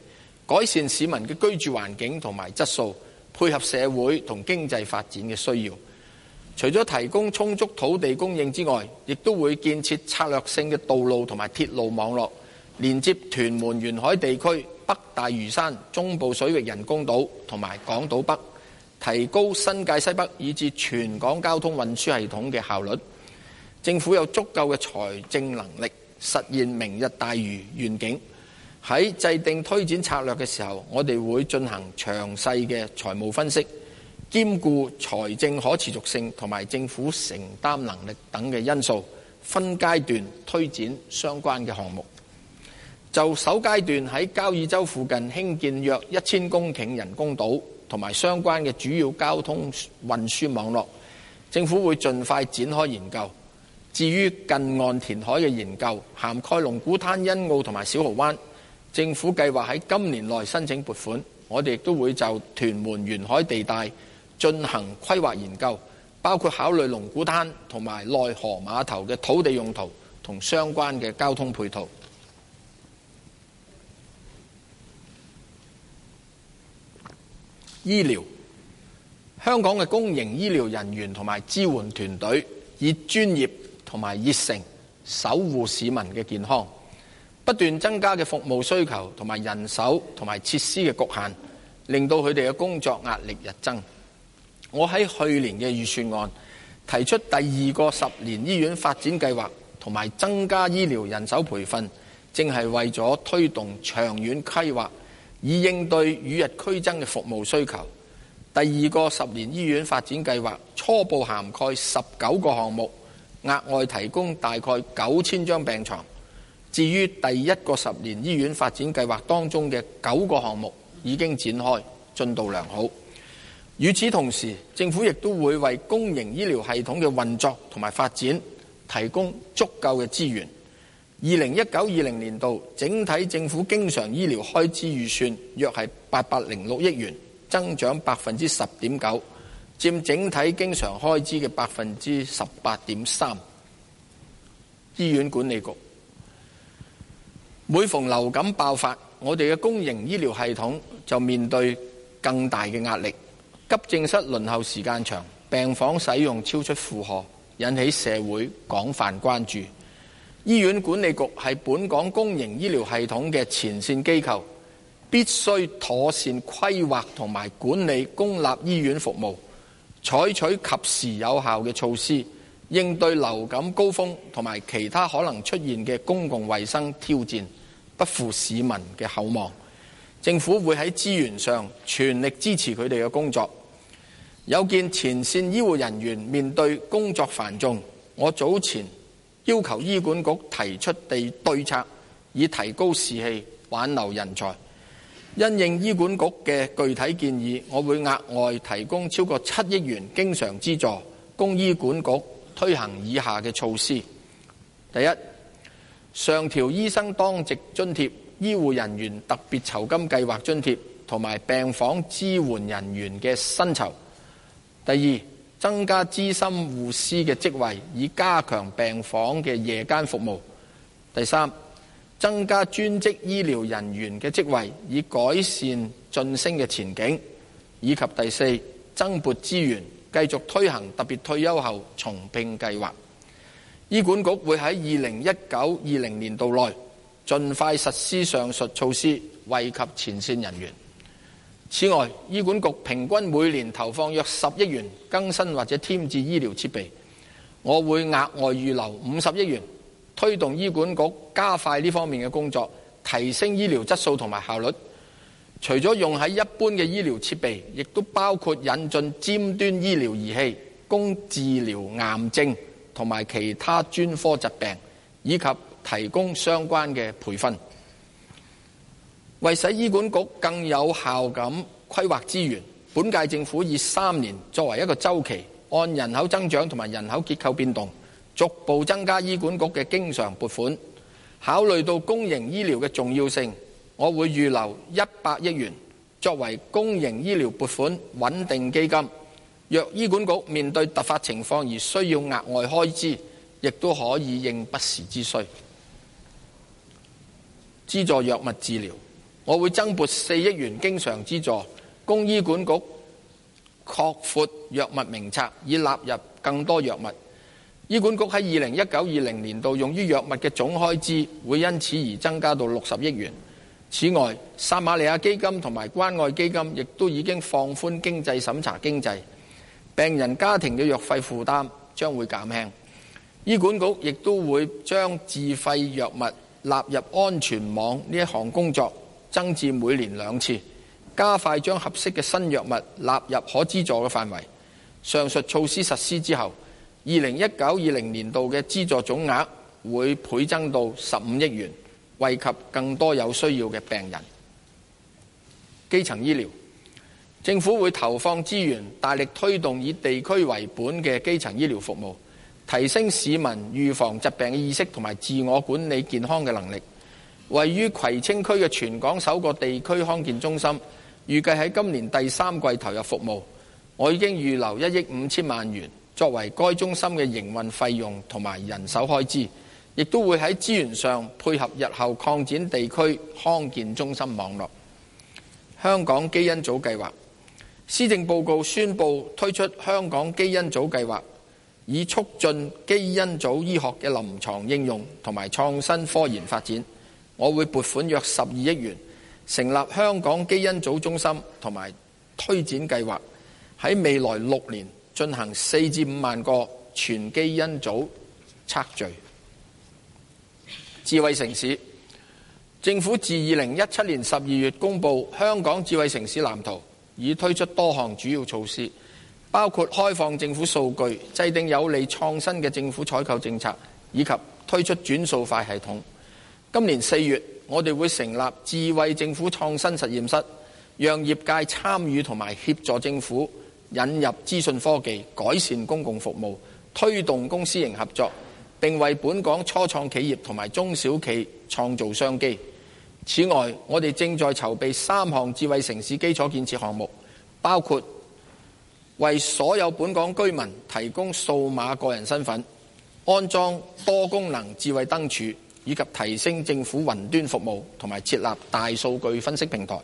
S1: 改善市民嘅居住環境同埋質素，配合社會同經濟發展嘅需要。除咗提供充足土地供應之外，亦都會建設策略性嘅道路同埋鐵路網絡，連接屯門沿海地區、北大嶼山、中部水域人工島同埋港島北，提高新界西北以至全港交通運輸系統嘅效率。政府有足夠嘅財政能力實現明日大嶼願景。喺制定推展策略嘅時候，我哋會進行詳細嘅財務分析，兼顧財政可持續性同埋政府承擔能力等嘅因素，分階段推展相關嘅項目。就首階段喺交椅洲附近興建約一千公頃人工島同埋相關嘅主要交通運輸網絡，政府會盡快展開研究。至於近岸填海嘅研究，涵蓋龍鼓灘、欣澳同埋小蠔灣，政府計劃喺今年內申請撥款。我哋亦都會就屯門沿海地帶進行規劃研究，包括考慮龍鼓灘同埋內河碼頭嘅土地用途同相關嘅交通配套。醫療。香港嘅公營醫療人員同埋支援團隊以專業同埋熱誠守護市民嘅健康，不斷增加嘅服務需求同埋人手同埋設施嘅局限，令到佢哋嘅工作壓力日增。我喺去年嘅預算案提出第二個十年醫院發展計劃，同埋增加醫療人手培訓，正係為咗推動長遠規劃，以應對與日俱增嘅服務需求。第二個十年醫院發展計劃初步涵蓋十九個項目，額外提供大概九千張病床。至於第一個十年醫院發展計劃當中嘅九個項目，已經展開，進度良好。與此同時，政府亦都會為公營醫療系統嘅運作同埋發展提供足夠嘅資源。二零一九至二零年度整體政府經常醫療開支預算約係八百零六億元，增長百分之十點九，佔整體經常開支嘅百分之十八點三。醫院管理局每逢流感爆發，我哋嘅公營醫療系統就面對更大嘅壓力。急症室輪候時間長，病房使用超出負荷，引起社會廣泛關注。醫院管理局係本港公營醫療系統嘅前線機構，必須妥善規劃同埋管理公立醫院服務，採取及時有效嘅措施，應對流感高峰同埋其他可能出現嘅公共衛生挑戰，不負市民嘅厚望。政府會喺資源上全力支持佢哋嘅工作。有見前線醫護人員面對工作繁重，我早前要求醫管局提出嘅對策，以提高士氣、挽留人才。因應醫管局嘅具體建議，我會額外提供超過七億元經常資助，供醫管局推行以下嘅措施：第一，上調醫生當值津貼、醫護人員特別酬金計劃津貼，同埋病房支援人員嘅薪酬。第二，增加資深護師嘅職位，以加強病房嘅夜間服務；第三，增加專職醫療人員嘅職位，以改善晉升嘅前景；以及第四，增撥資源，繼續推行特別退休後重聘計劃。醫管局會喺二零一九、二零年度內盡快實施上述措施，惠及前線人員。此外，醫管局平均每年投放約十億元更新或者添置醫療設備。我會額外預留五十億元，推動醫管局加快呢方面嘅工作，提升醫療質素同埋效率。除咗用喺一般嘅醫療設備，亦都包括引進尖端醫療儀器，供治療癌症同埋其他專科疾病，以及提供相關嘅培訓。為使醫管局更有效咁規劃資源，本屆政府以三年作為一個周期，按人口增長同埋人口結構變動，逐步增加醫管局嘅經常撥款。考慮到公營醫療嘅重要性，我會預留一百億元作為公營醫療撥款穩定基金。若醫管局面對突發情況而需要額外開支，亦都可以應不時之需，資助藥物治療。我會增撥四億元經常資助，供醫管局擴闊藥物名冊，以納入更多藥物。醫管局喺二零一九二零年度用於藥物嘅總開支會因此而增加到六十億元。此外，撒瑪利亞基金同埋關愛基金亦都已經放寬經濟審查經濟，病人家庭嘅藥費負擔將會減輕。醫管局亦都會將自費藥物納入安全網呢一項工作，增至每年兩次，加快將合適嘅新藥物納入可資助嘅範圍。上述措施實施之後，二零一九、二零年度嘅資助總額會倍增到十五億元，惠及更多有需要嘅病人。基層醫療，政府會投放資源，大力推動以地區為本嘅基層醫療服務，提升市民預防疾病嘅意識同埋自我管理健康嘅能力。位於葵青區嘅全港首個地區康健中心，預計喺今年第三季投入服務。我已經預留一億五千萬元作為該中心嘅營運費用同埋人手開支，亦都會喺資源上配合日後擴展地區康健中心網絡。香港基因組計劃，施政報告宣布推出香港基因組計劃，以促進基因組醫學嘅臨床應用同埋創新科研發展。我會撥款約十二億元，成立香港基因組中心同埋推展計劃，喺未來六年進行四至五萬個全基因組測序。智慧城市，政府自二零一七年十二月公布香港智慧城市藍圖，已推出多項主要措施，包括開放政府數據、制定有利創新嘅政府採購政策，以及推出轉數快系統。今年四月，我哋會成立智慧政府創新實驗室，讓業界參與同埋協助政府引入資訊科技，改善公共服務，推動公私營合作，並為本港初創企業同埋中小企創造商機。此外，我哋正在籌備三項智慧城市基礎建設項目，包括為所有本港居民提供數碼個人身份，安裝多功能智慧燈柱。以及提升政府雲端服務同埋設立大數據分析平台，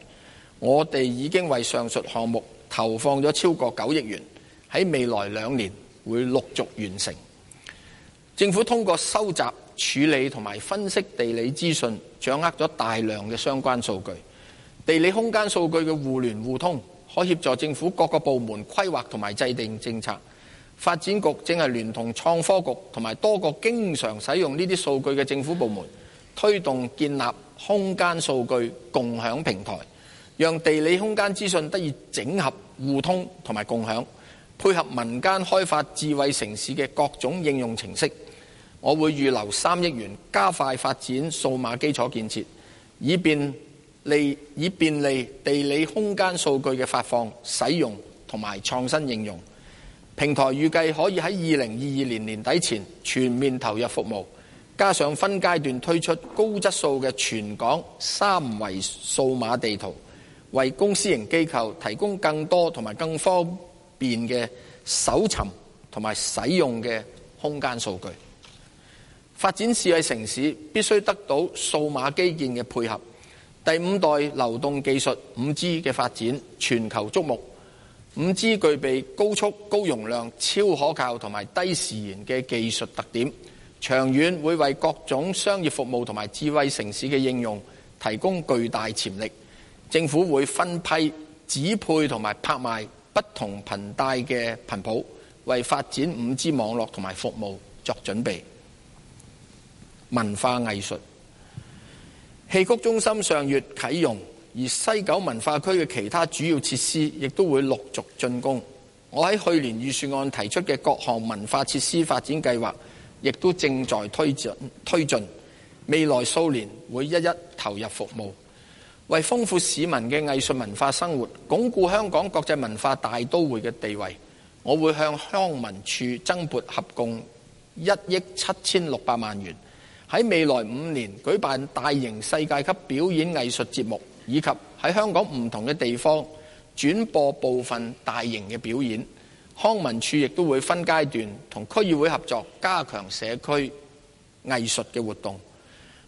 S1: 我哋已經為上述項目投放咗超過九億元，喺未來兩年會陸續完成。政府通過收集、處理同埋分析地理資訊，掌握咗大量嘅相關數據。地理空間數據嘅互聯互通，可協助政府各個部門規劃同埋制定政策。發展局正係聯同創科局同埋多個經常使用呢啲數據嘅政府部門，推動建立空間數據共享平台，讓地理空間資訊得以整合互通同埋共享，配合民間開發智慧城市嘅各種應用程式。我會預留三億元，加快發展數碼基礎建設，以便利，以便利地理空間數據嘅發放、使用同埋創新應用。平台預計可以喺2022年年底前全面投入服務，加上分階段推出高質素嘅全港三維數碼地圖，為公私營機構提供更多同埋更方便嘅搜尋同埋使用嘅空間數據。發展智慧城市必須得到數碼基建嘅配合，第五代流動技術 5G 嘅發展全球矚目。五 G 具備高速、高容量、超可靠同埋低時延嘅技術特點，長遠會為各種商業服務同埋智慧城市嘅應用提供巨大潛力。政府會分批指配同埋拍賣不同頻帶嘅頻譜，為發展五 G 網絡同埋服務作準備。文化藝術。戲曲中心上月啟用。而西九文化區嘅其他主要設施亦都會陸續竣工。我喺去年預算案提出嘅各項文化設施發展計劃亦都正在推進推進，未來數年會一一投入服務，為豐富市民嘅藝術文化生活，鞏固香港國際文化大都會嘅地位。我會向康文處增撥合共一億七千六百萬元，喺未來五年舉辦大型世界級表演藝術節目。以及喺香港唔同嘅地方轉播部分大型嘅表演。康文署亦都會分階段同區議會合作，加強社區藝術嘅活動。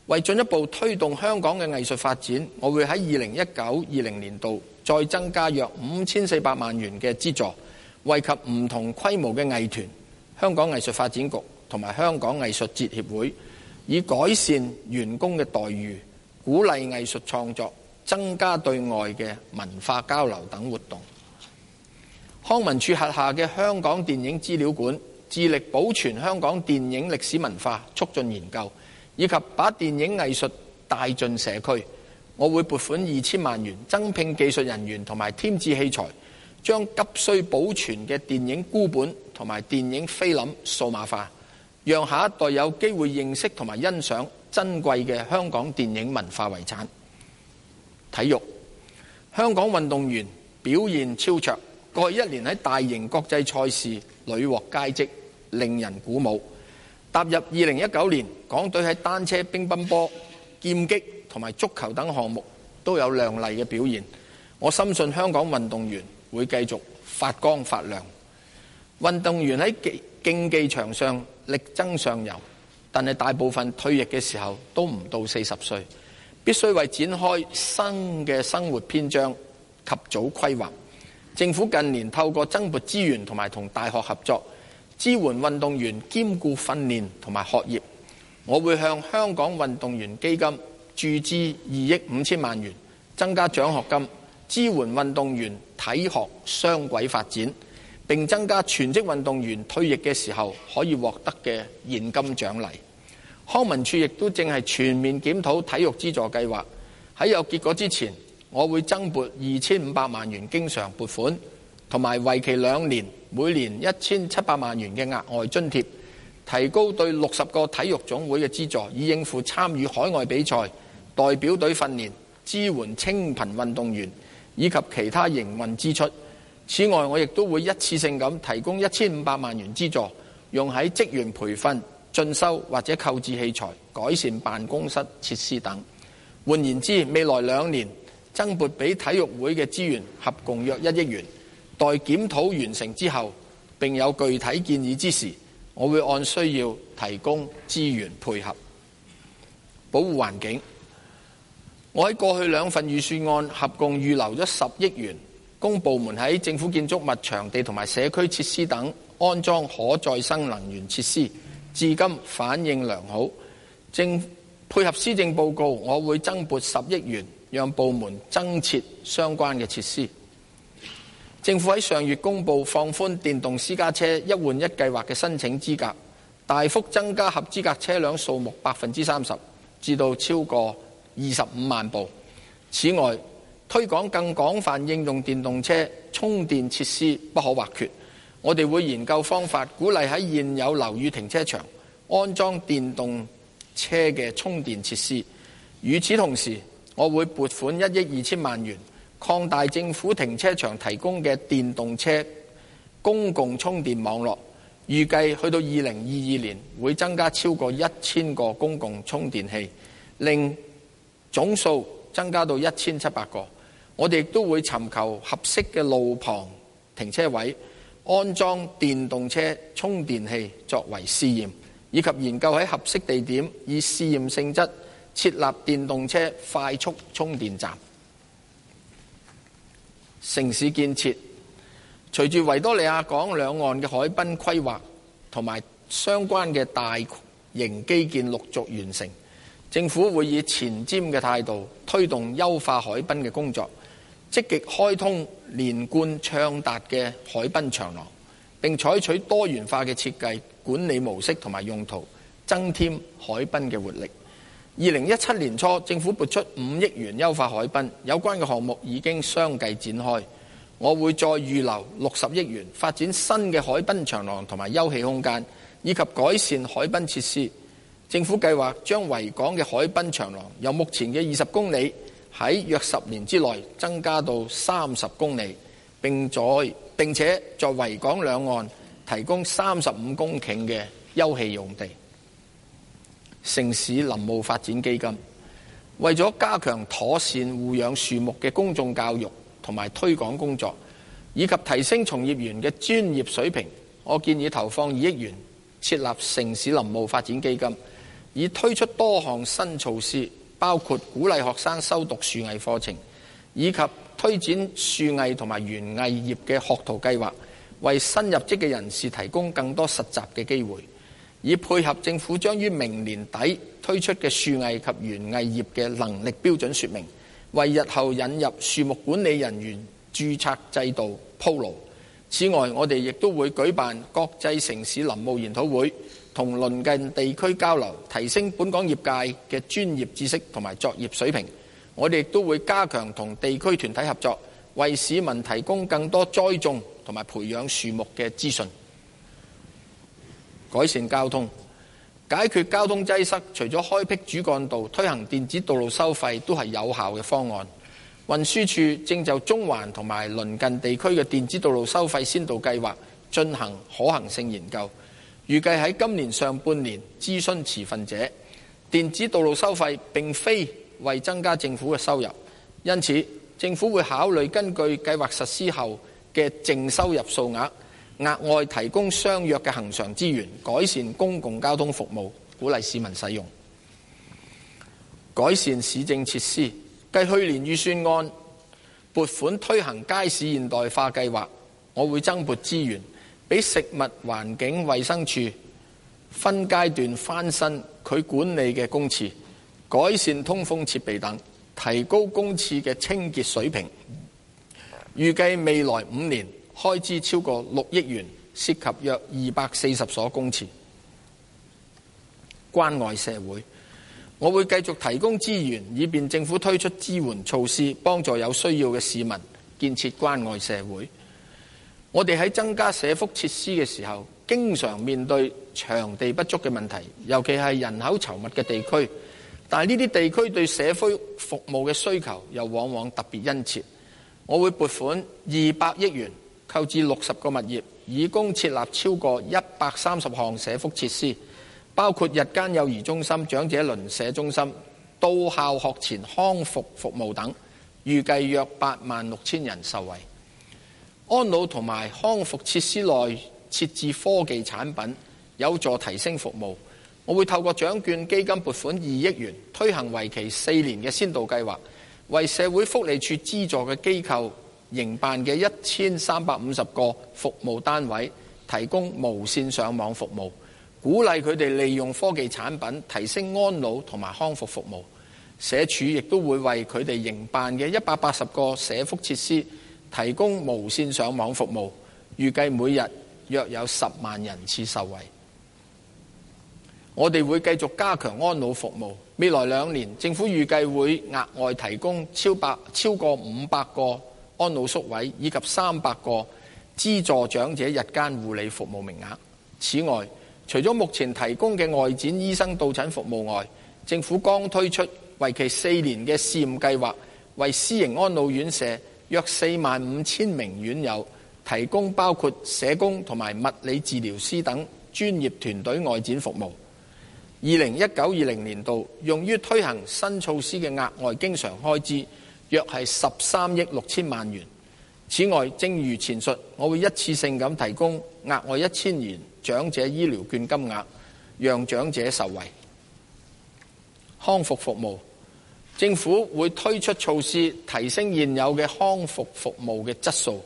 S1: 為進一步推動香港嘅藝術發展，我會喺二零一九二零年度，再增加約五千四百萬元嘅資助，惠及唔同規模嘅藝團、香港藝術發展局同埋香港藝術節協會，以改善員工嘅待遇，鼓勵藝術創作，增加對外嘅文化交流等活動，康文署轄下嘅香港電影資料館致力保存香港電影歷史文化，促進研究，以及把電影藝術帶進社區。我會撥款二千萬元，增聘技術人員同埋添置器材，將急需保存嘅電影孤本同埋電影菲林數碼化，讓下一代有機會認識同埋欣賞珍貴嘅香港電影文化遺產。體育，香港運動員表現超卓，過去一年喺大型國際賽事屢獲佳績，令人鼓舞。踏入二零一九年，港隊喺單車、乒乓波、劍擊同埋足球等項目都有亮麗嘅表現。我深信香港運動員會繼續發光發亮。運動員喺競技場上力爭上游，但係大部分退役嘅時候都唔到四十歲。必須為展開新嘅生活篇章及早規劃。政府近年透過增撥資源同埋同大學合作，支援運動員兼顧訓練同埋學業。我會向香港運動員基金注資二億五千萬元，增加獎學金，支援運動員體學雙軌發展，並增加全職運動員退役嘅時候可以獲得嘅現金獎勵。康文署亦都正係全面檢討體育資助計劃。喺有結果之前，我會增撥二千五百萬元經常撥款，同埋為期兩年，每年一千七百萬元嘅額外津貼，提高對六十個體育總會嘅資助，以應付參與海外比賽、代表隊訓練、支援清貧運動員以及其他營運支出。此外，我亦都會一次性咁提供一千五百萬元資助，用喺職員培訓。進修或者購置器材、改善辦公室設施等。換言之，未來兩年增撥俾體育會嘅資源合共約一億元。待檢討完成之後，並有具體建議之時，我會按需要提供資源配合。保護環境，我喺過去兩份預算案合共預留咗十億元，供部門喺政府建築物、場地同埋社區設施等安裝可再生能源設施。至今反應良好，政配合施政報告，我會增撥十億元，讓部門增設相關嘅設施。政府喺上月公布放寬電動私家車一換一計劃嘅申請資格，大幅增加合資格車輛數目百分之三十，至到超過二十五萬部。此外，推廣更廣泛應用電動車，充電設施不可或缺。我哋會研究方法，鼓勵喺現有樓宇停車場安裝電動車嘅充電設施。與此同時，我會撥款一億二千萬元擴大政府停車場提供嘅電動車公共充電網絡。預計去到二零二二年會增加超過一千個公共充電器，令總數增加到一千七百個。我哋亦都會尋求合適嘅路旁停車位。安裝電動車充電器作為試驗，以及研究喺合適地點以試驗性質設立電動車快速充電站。城市建設，隨住維多利亞港兩岸嘅海濱規劃同埋相關嘅大型基建陸續完成，政府會以前瞻嘅態度推動優化海濱嘅工作，積極開通連貫暢達嘅海濱長廊，並採取多元化嘅設計、管理模式同埋用途，增添海濱嘅活力。二零一七年初，政府撥出五億元優化海濱，有關嘅項目已經相繼展開。我會再預留六十億元發展新嘅海濱長廊同埋休憩空間，以及改善海濱設施。政府計劃將維港嘅海濱長廊由目前嘅二十公里喺約十年之內增加到三十公里，並在並且在維港兩岸提供三十五公頃嘅休憩用地。城市林務發展基金，為咗加強妥善護養樹木嘅公眾教育同埋推廣工作，以及提升從業員嘅專業水平，我建議投放二億元設立城市林務發展基金，以推出多項新措施。包括鼓勵學生修讀樹藝課程，以及推展樹藝同埋園藝業嘅學徒計劃，為新入職嘅人士提供更多實習嘅機會，以配合政府將於明年底推出嘅樹藝及園藝業嘅能力標準說明，為日後引入樹木管理人員註冊制度鋪路。此外，我哋亦都會舉辦國際城市林務研討會。同鄰近地區交流，提升本港業界嘅專業知識同埋作業水平。我哋亦都會加強同地區團體合作，為市民提供更多栽種同埋培養樹木嘅資訊。改善交通，解決交通擠塞，除咗開闢主幹道、推行電子道路收費都係有效嘅方案。運輸處正就中環同埋鄰近地區嘅電子道路收費先導計劃進行可行性研究。預計喺今年上半年諮詢持份者，電子道路收費並非為增加政府嘅收入，因此政府會考慮根據計劃實施後嘅淨收入數額，額外提供相約嘅恒常資源，改善公共交通服務，鼓勵市民使用，改善市政設施。繼去年預算案撥款推行街市現代化計劃，我會增撥資源。俾食物環境衛生署分階段翻新佢管理嘅公廁，改善通風設備等，提高公廁嘅清潔水平。預計未來五年開支超過六億元，涉及約二百四十所公廁。關愛社會，我會繼續提供資源，以便政府推出支援措施，幫助有需要嘅市民建設關愛社會。我哋喺增加社福設施嘅時候，經常面對場地不足嘅問題，尤其係人口稠密嘅地區。但係呢啲地區對社會服務嘅需求又往往特別殷切。我會撥款二百億元購置六十個物業，以供設立超過一百三十項社福設施，包括日間幼兒中心、長者鄰舍中心、到校學前康復服務等，預計約八萬六千人受惠。安老同埋康復設施內設置科技產品，有助提升服務。我會透過獎券基金撥款二億元，推行為期四年嘅先導計劃，為社會福利署資助嘅機構營辦嘅一千三百五十個服務單位提供無線上網服務，鼓勵佢哋利用科技產品提升安老同埋康復服務。社署亦都會為佢哋營辦嘅一百八十個社福設施。提供無線上網服務，預計每日約有十萬人次受惠。我哋會繼續加強安老服務，未來兩年政府預計會額外提供超百超過五百個安老宿位，以及三百個資助長者日間護理服務名額。此外，除咗目前提供嘅外展醫生到診服務外，政府剛推出為期四年嘅試驗計劃，為私營安老院舍。約四萬五千名院友提供包括社工同埋物理治療師等專業團隊外展服務。二零一九至二零年度用於推行新措施嘅額外經常開支約係十三億六千萬元。此外，正如前述，我會一次性咁提供額外一千元長者醫療券金額，讓長者受惠。康復服務。政府會推出措施，提升現有嘅康復服務嘅質素，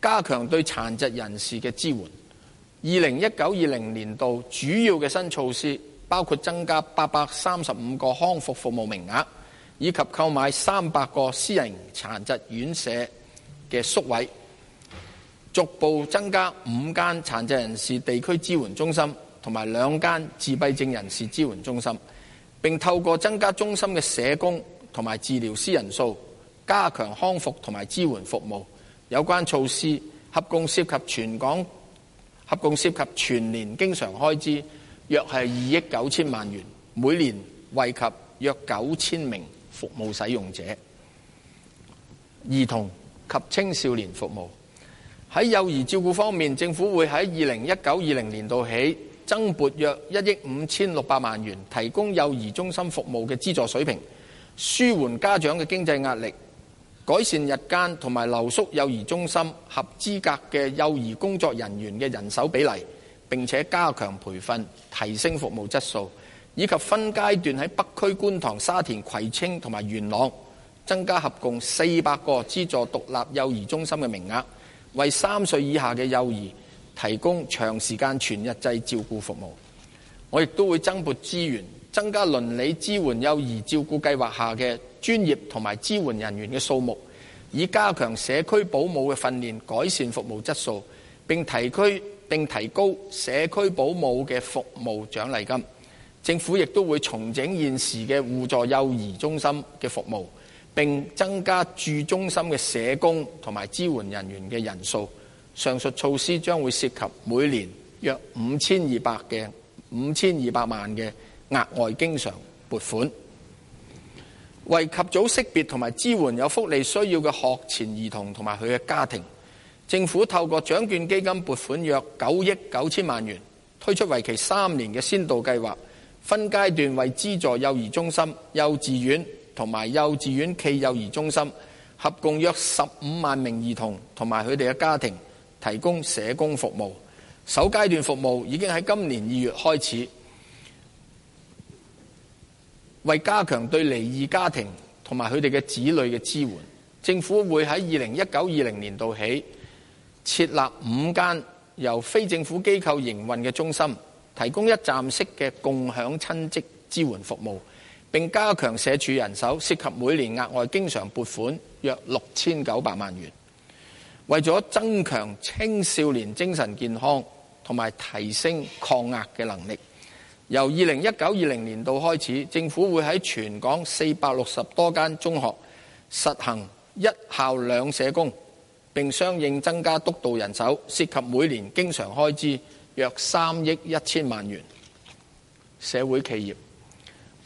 S1: 加強對殘疾人士嘅支援。二零一九二零年度主要嘅新措施包括增加八百三十五個康復服務名額，以及購買三百個私人殘疾院舍嘅宿位，逐步增加五間殘疾人士地區支援中心，同埋兩間自閉症人士支援中心。並透過增加中心嘅社工同埋治療師人數，加強康復同埋支援服務。有關措施，合共涉及全港合共涉及全年經常開支約係二億九千萬元，每年惠及約九千名服務使用者。兒童及青少年服務，喺幼兒照顧方面，政府會喺二零一九至二零年度起。增撥約一億五千六百萬元，提供幼兒中心服務嘅資助水平，舒緩家長嘅經濟壓力，改善日間同埋留宿幼兒中心合資格嘅幼兒工作人員嘅人手比例，並且加強培訓，提升服務質素，以及分階段喺北區觀塘、沙田、葵青同埋元朗，增加合共四百個資助獨立幼兒中心嘅名額，為三歲以下嘅幼兒，提供長時間全日制照顧服務，我亦都會增撥資源，增加鄰里支援幼兒照顧計劃下嘅專業同埋支援人員嘅數目，以加強社區保姆嘅訓練，改善服務質素，並提提高社區保姆嘅服務獎勵金。政府亦都會重整現時嘅互助幼兒中心嘅服務，並增加駐中心嘅社工同埋支援人員嘅人數。上述措施將會涉及每年約五千二百嘅五千二百萬嘅額外經常撥款，為及早識別同埋支援有福利需要嘅學前兒童同埋佢嘅家庭，政府透過獎券基金撥款約九億九千萬元，推出為期三年嘅先導計劃，分階段為資助幼兒中心、幼稚園同埋幼稚園暨幼兒中心，合共約十五萬名兒童同埋佢哋嘅家庭，提供社工服務，首階段服務已經喺今年二月開始。為加強對離異家庭同埋佢哋嘅子女嘅支援，政府會喺二零一九、二零年度起設立五間由非政府機構營運嘅中心，提供一站式嘅共享親職支援服務，並加強社署人手，涉及每年額外經常撥款約六千九百萬元。為咗增強青少年精神健康同埋提升抗壓嘅能力，由二零一九至二零年度開始，政府會喺全港四百六十多間中學實行一校兩社工，並相應增加督導人手，涉及每年經常開支約三億一千萬元。社會企業。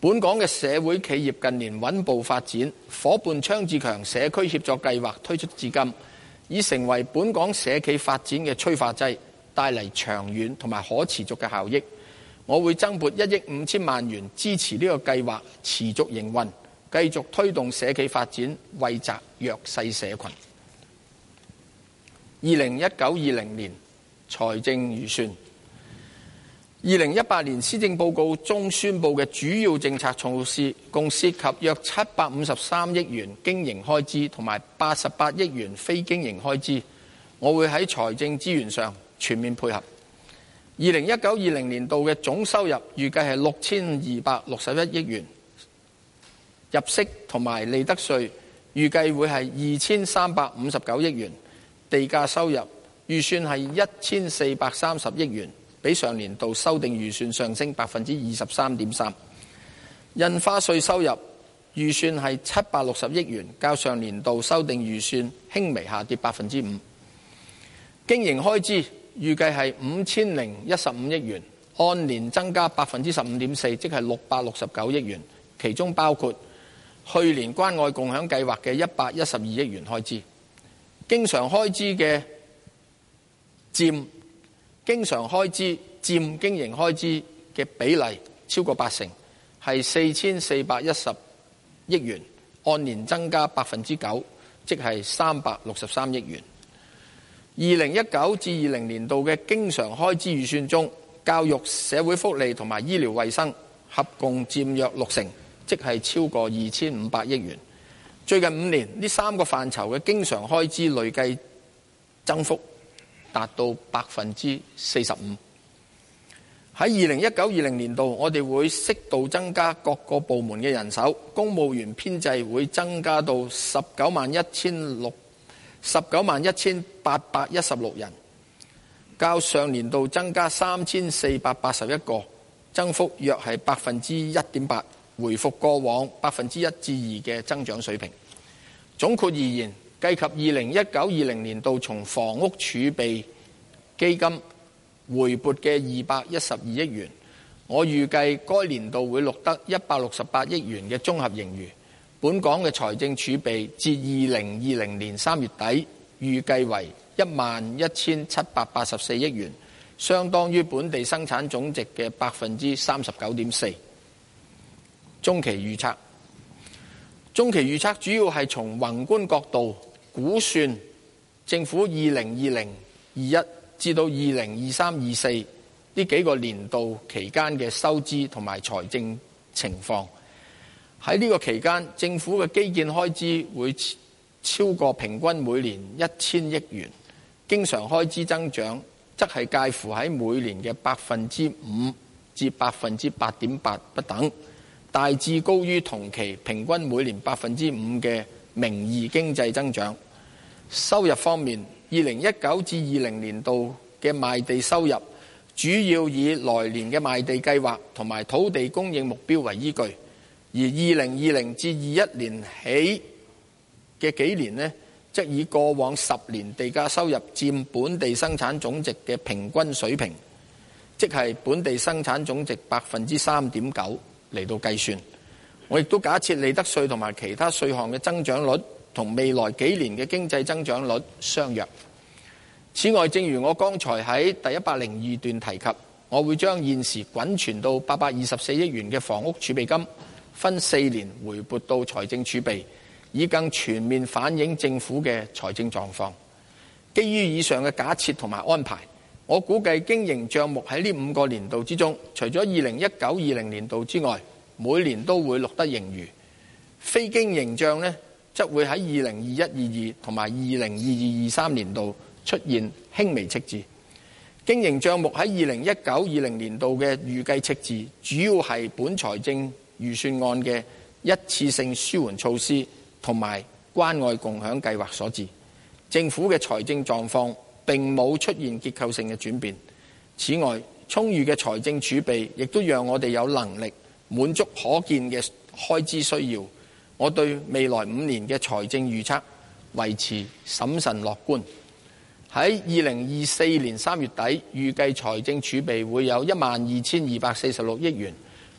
S1: 本港嘅社會企業近年穩步發展，伙伴倡自強社區協作計劃推出至今，已成為本港社企發展嘅催化劑，帶嚟長遠同埋可持續嘅效益。我會增撥一億五千萬元支持呢個計劃持續營運，繼續推動社企發展，惠澤弱勢社群。二零一九二零年財政預算。二零一八年施政報告中宣佈嘅主要政策措施，共涉及約七百五十三億元經營開支，同埋八十八億元非經營開支。我會喺財政資源上全面配合。二零一九二零年度嘅總收入預計係六千二百六十一億元，入息同埋利得稅預計會係二千三百五十九億元，地價收入預算係一千四百三十億元。比上年度修訂預算上升百分之二十三點三，印花稅收入預算係七百六十億元，較上年度修訂預算輕微下跌百分之五。經營開支預計係五千零一十五億元，按年增加百分之十五點四，即係六百六十九億元，其中包括去年關愛共享計劃嘅一百一十二億元開支。經常開支嘅佔。經常開支佔經營開支嘅比例超過八成，係四千四百一十億元，按年增加百分之九，即係三百六十三億元。二零一九至二零年度嘅經常開支預算中，教育、社會福利同埋醫療衛生合共佔約六成，即係超過二千五百億元。最近五年呢三個範疇嘅經常開支累計增幅。達到百分之四十五。喺二零一九二零年度，我哋會適度增加各個部門嘅人手，公務員編制會增加到十九萬一千六，十九萬一千八百一十六人，較上年度增加三千四百八十一個，增幅約係百分之一點八，回復過往百分之一至二嘅增長水平。總括而言，計及二零一九二零年度從房屋儲備基金回撥嘅二百一十二億元，我預計該年度會錄得一百六十八億元嘅綜合盈餘。本港嘅財政儲備至二零二零年三月底，預計為一萬一千七百八十四億元，相當於本地生產總值嘅百分之三十九點四。中期預測，中期預測主要係從宏觀角度。估算政府二零二零二一至到二零二三二四呢幾個年度期間嘅收支同埋財政情況。喺呢個期間，政府嘅基建開支會超過平均每年一千億元，經常開支增長則係介乎喺每年嘅百分之五至百分之八點八不等，大致高於同期平均每年百分之五嘅名義經濟增長。收入方面，二零一九至二零年度嘅賣地收入，主要以來年嘅賣地計劃同埋土地供應目標為依據。而二零二零至二一年起嘅幾年呢，即以過往十年地價收入佔本地生產總值嘅平均水平，即係本地生產總值百分之三點九嚟到計算。我亦都假設利得稅同埋其他稅項嘅增長率，同未來幾年嘅經濟增長率相若。此外，正如我剛才喺第一百零二段提及，我會將現時滾存到八百二十四億元嘅房屋儲備金分四年回撥到財政儲備，以更全面反映政府嘅財政狀況。基於以上嘅假設同埋安排，我估計經營帳目喺呢五個年度之中，除咗二零一九二零年度之外，每年都會錄得盈餘。非經營帳呢，則會喺二零二一二二同埋二零二二二三年度出現輕微赤字。經營帳目喺二零一九二零年度嘅預計赤字，主要係本財政預算案嘅一次性舒緩措施同埋關愛共享計劃所致。政府嘅財政狀況並冇出現結構性嘅轉變。此外，充裕嘅財政儲備亦都讓我哋有能力滿足可見嘅開支需要。我對未來五年嘅財政預測維持審慎樂觀。喺二零二四年三月底，預計財政儲備會有一萬二千二百四十六億元，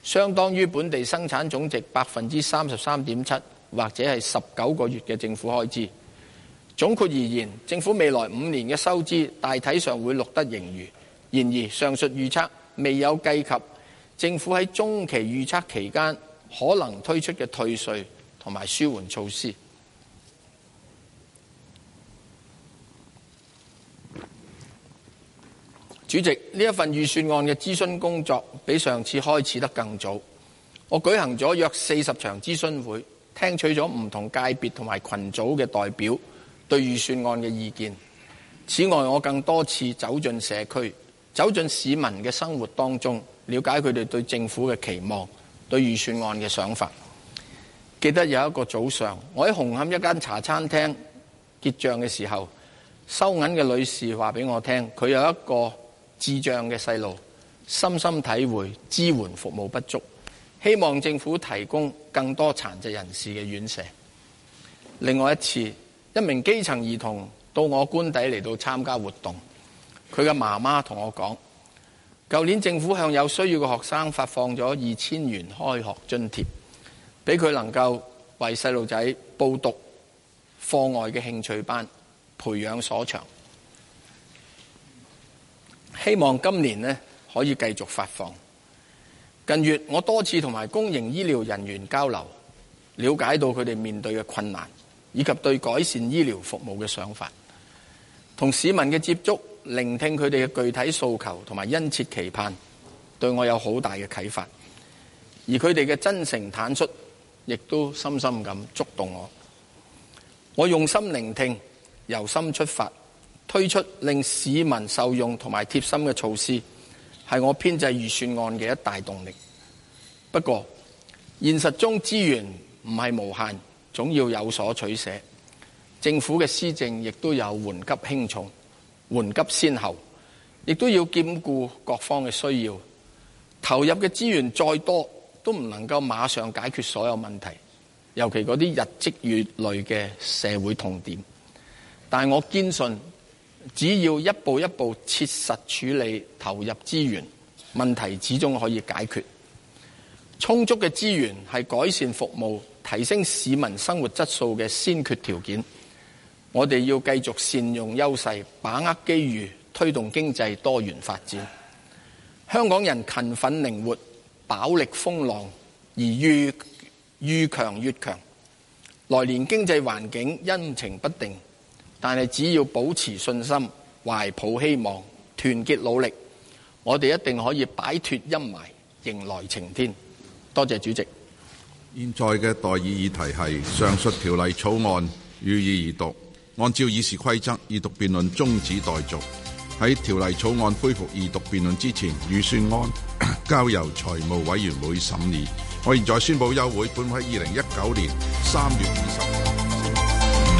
S1: 相當於本地生產總值百分之三十三點七，或者係十九個月嘅政府開支。總括而言，政府未來五年嘅收支大體上會錄得盈餘。然而，上述預測未有計及政府喺中期預測期間可能推出嘅退稅。同埋舒緩措施。主席，呢一份預算案嘅諮詢工作比上次開始得更早。我舉行咗約四十場諮詢會，聽取咗唔同界別同埋群組嘅代表對預算案嘅意見。此外，我更多次走進社區，走進市民嘅生活當中，了解佢哋對政府嘅期望，對預算案嘅想法。記得有一個早上，我喺紅磡一間茶餐廳結帳嘅時候，收銀嘅女士話俾我聽，佢有一個智障嘅細路，深深體會支援服務不足，希望政府提供更多殘疾人士嘅院舍。另外一次，一名基層兒童到我官邸嚟到參加活動，佢嘅媽媽同我講，舊年政府向有需要嘅學生發放咗二千元開學津貼。俾佢能夠為細路仔報讀課外嘅興趣班，培養所長。希望今年呢可以繼續發放。近月我多次同埋公營醫療人員交流，了解到佢哋面對嘅困難，以及對改善醫療服務嘅想法。同市民嘅接觸，聆聽佢哋嘅具體訴求同埋殷切期盼，對我有好大嘅啟發。而佢哋嘅真誠坦率。亦都深深咁觸動我，我用心聆聽，由心出發，推出令市民受用同埋貼心嘅措施，係我編製預算案嘅一大動力。不過現實中資源唔係無限，總要有所取捨。政府嘅施政亦都有緩急輕重、緩急先後，亦都要兼顧各方嘅需要。投入嘅資源再多，都唔能夠馬上解決所有問題，尤其嗰啲日積月累嘅社會痛點。但我堅信，只要一步一步切實處理，投入資源，問題始終可以解決。充足嘅資源係改善服務、提升市民生活質素嘅先決條件。我哋要繼續善用優勢，把握機遇，推動經濟多元發展。香港人勤奮靈活。飽歷風浪，而愈愈強愈強。來年經濟環境陰晴不定，但係只要保持信心、懷抱希望、團結努力，我哋一定可以擺脫陰霾，迎來晴天。多謝主席。現在嘅待議議題係上述條例草案予以二讀。按照議事規則，二讀辯論中止待續。喺條例草案恢復二讀辯論之前，預算案。 [coughs] 交由財務委員會審議。我現在宣佈休會，本會二零一九年三月二十日。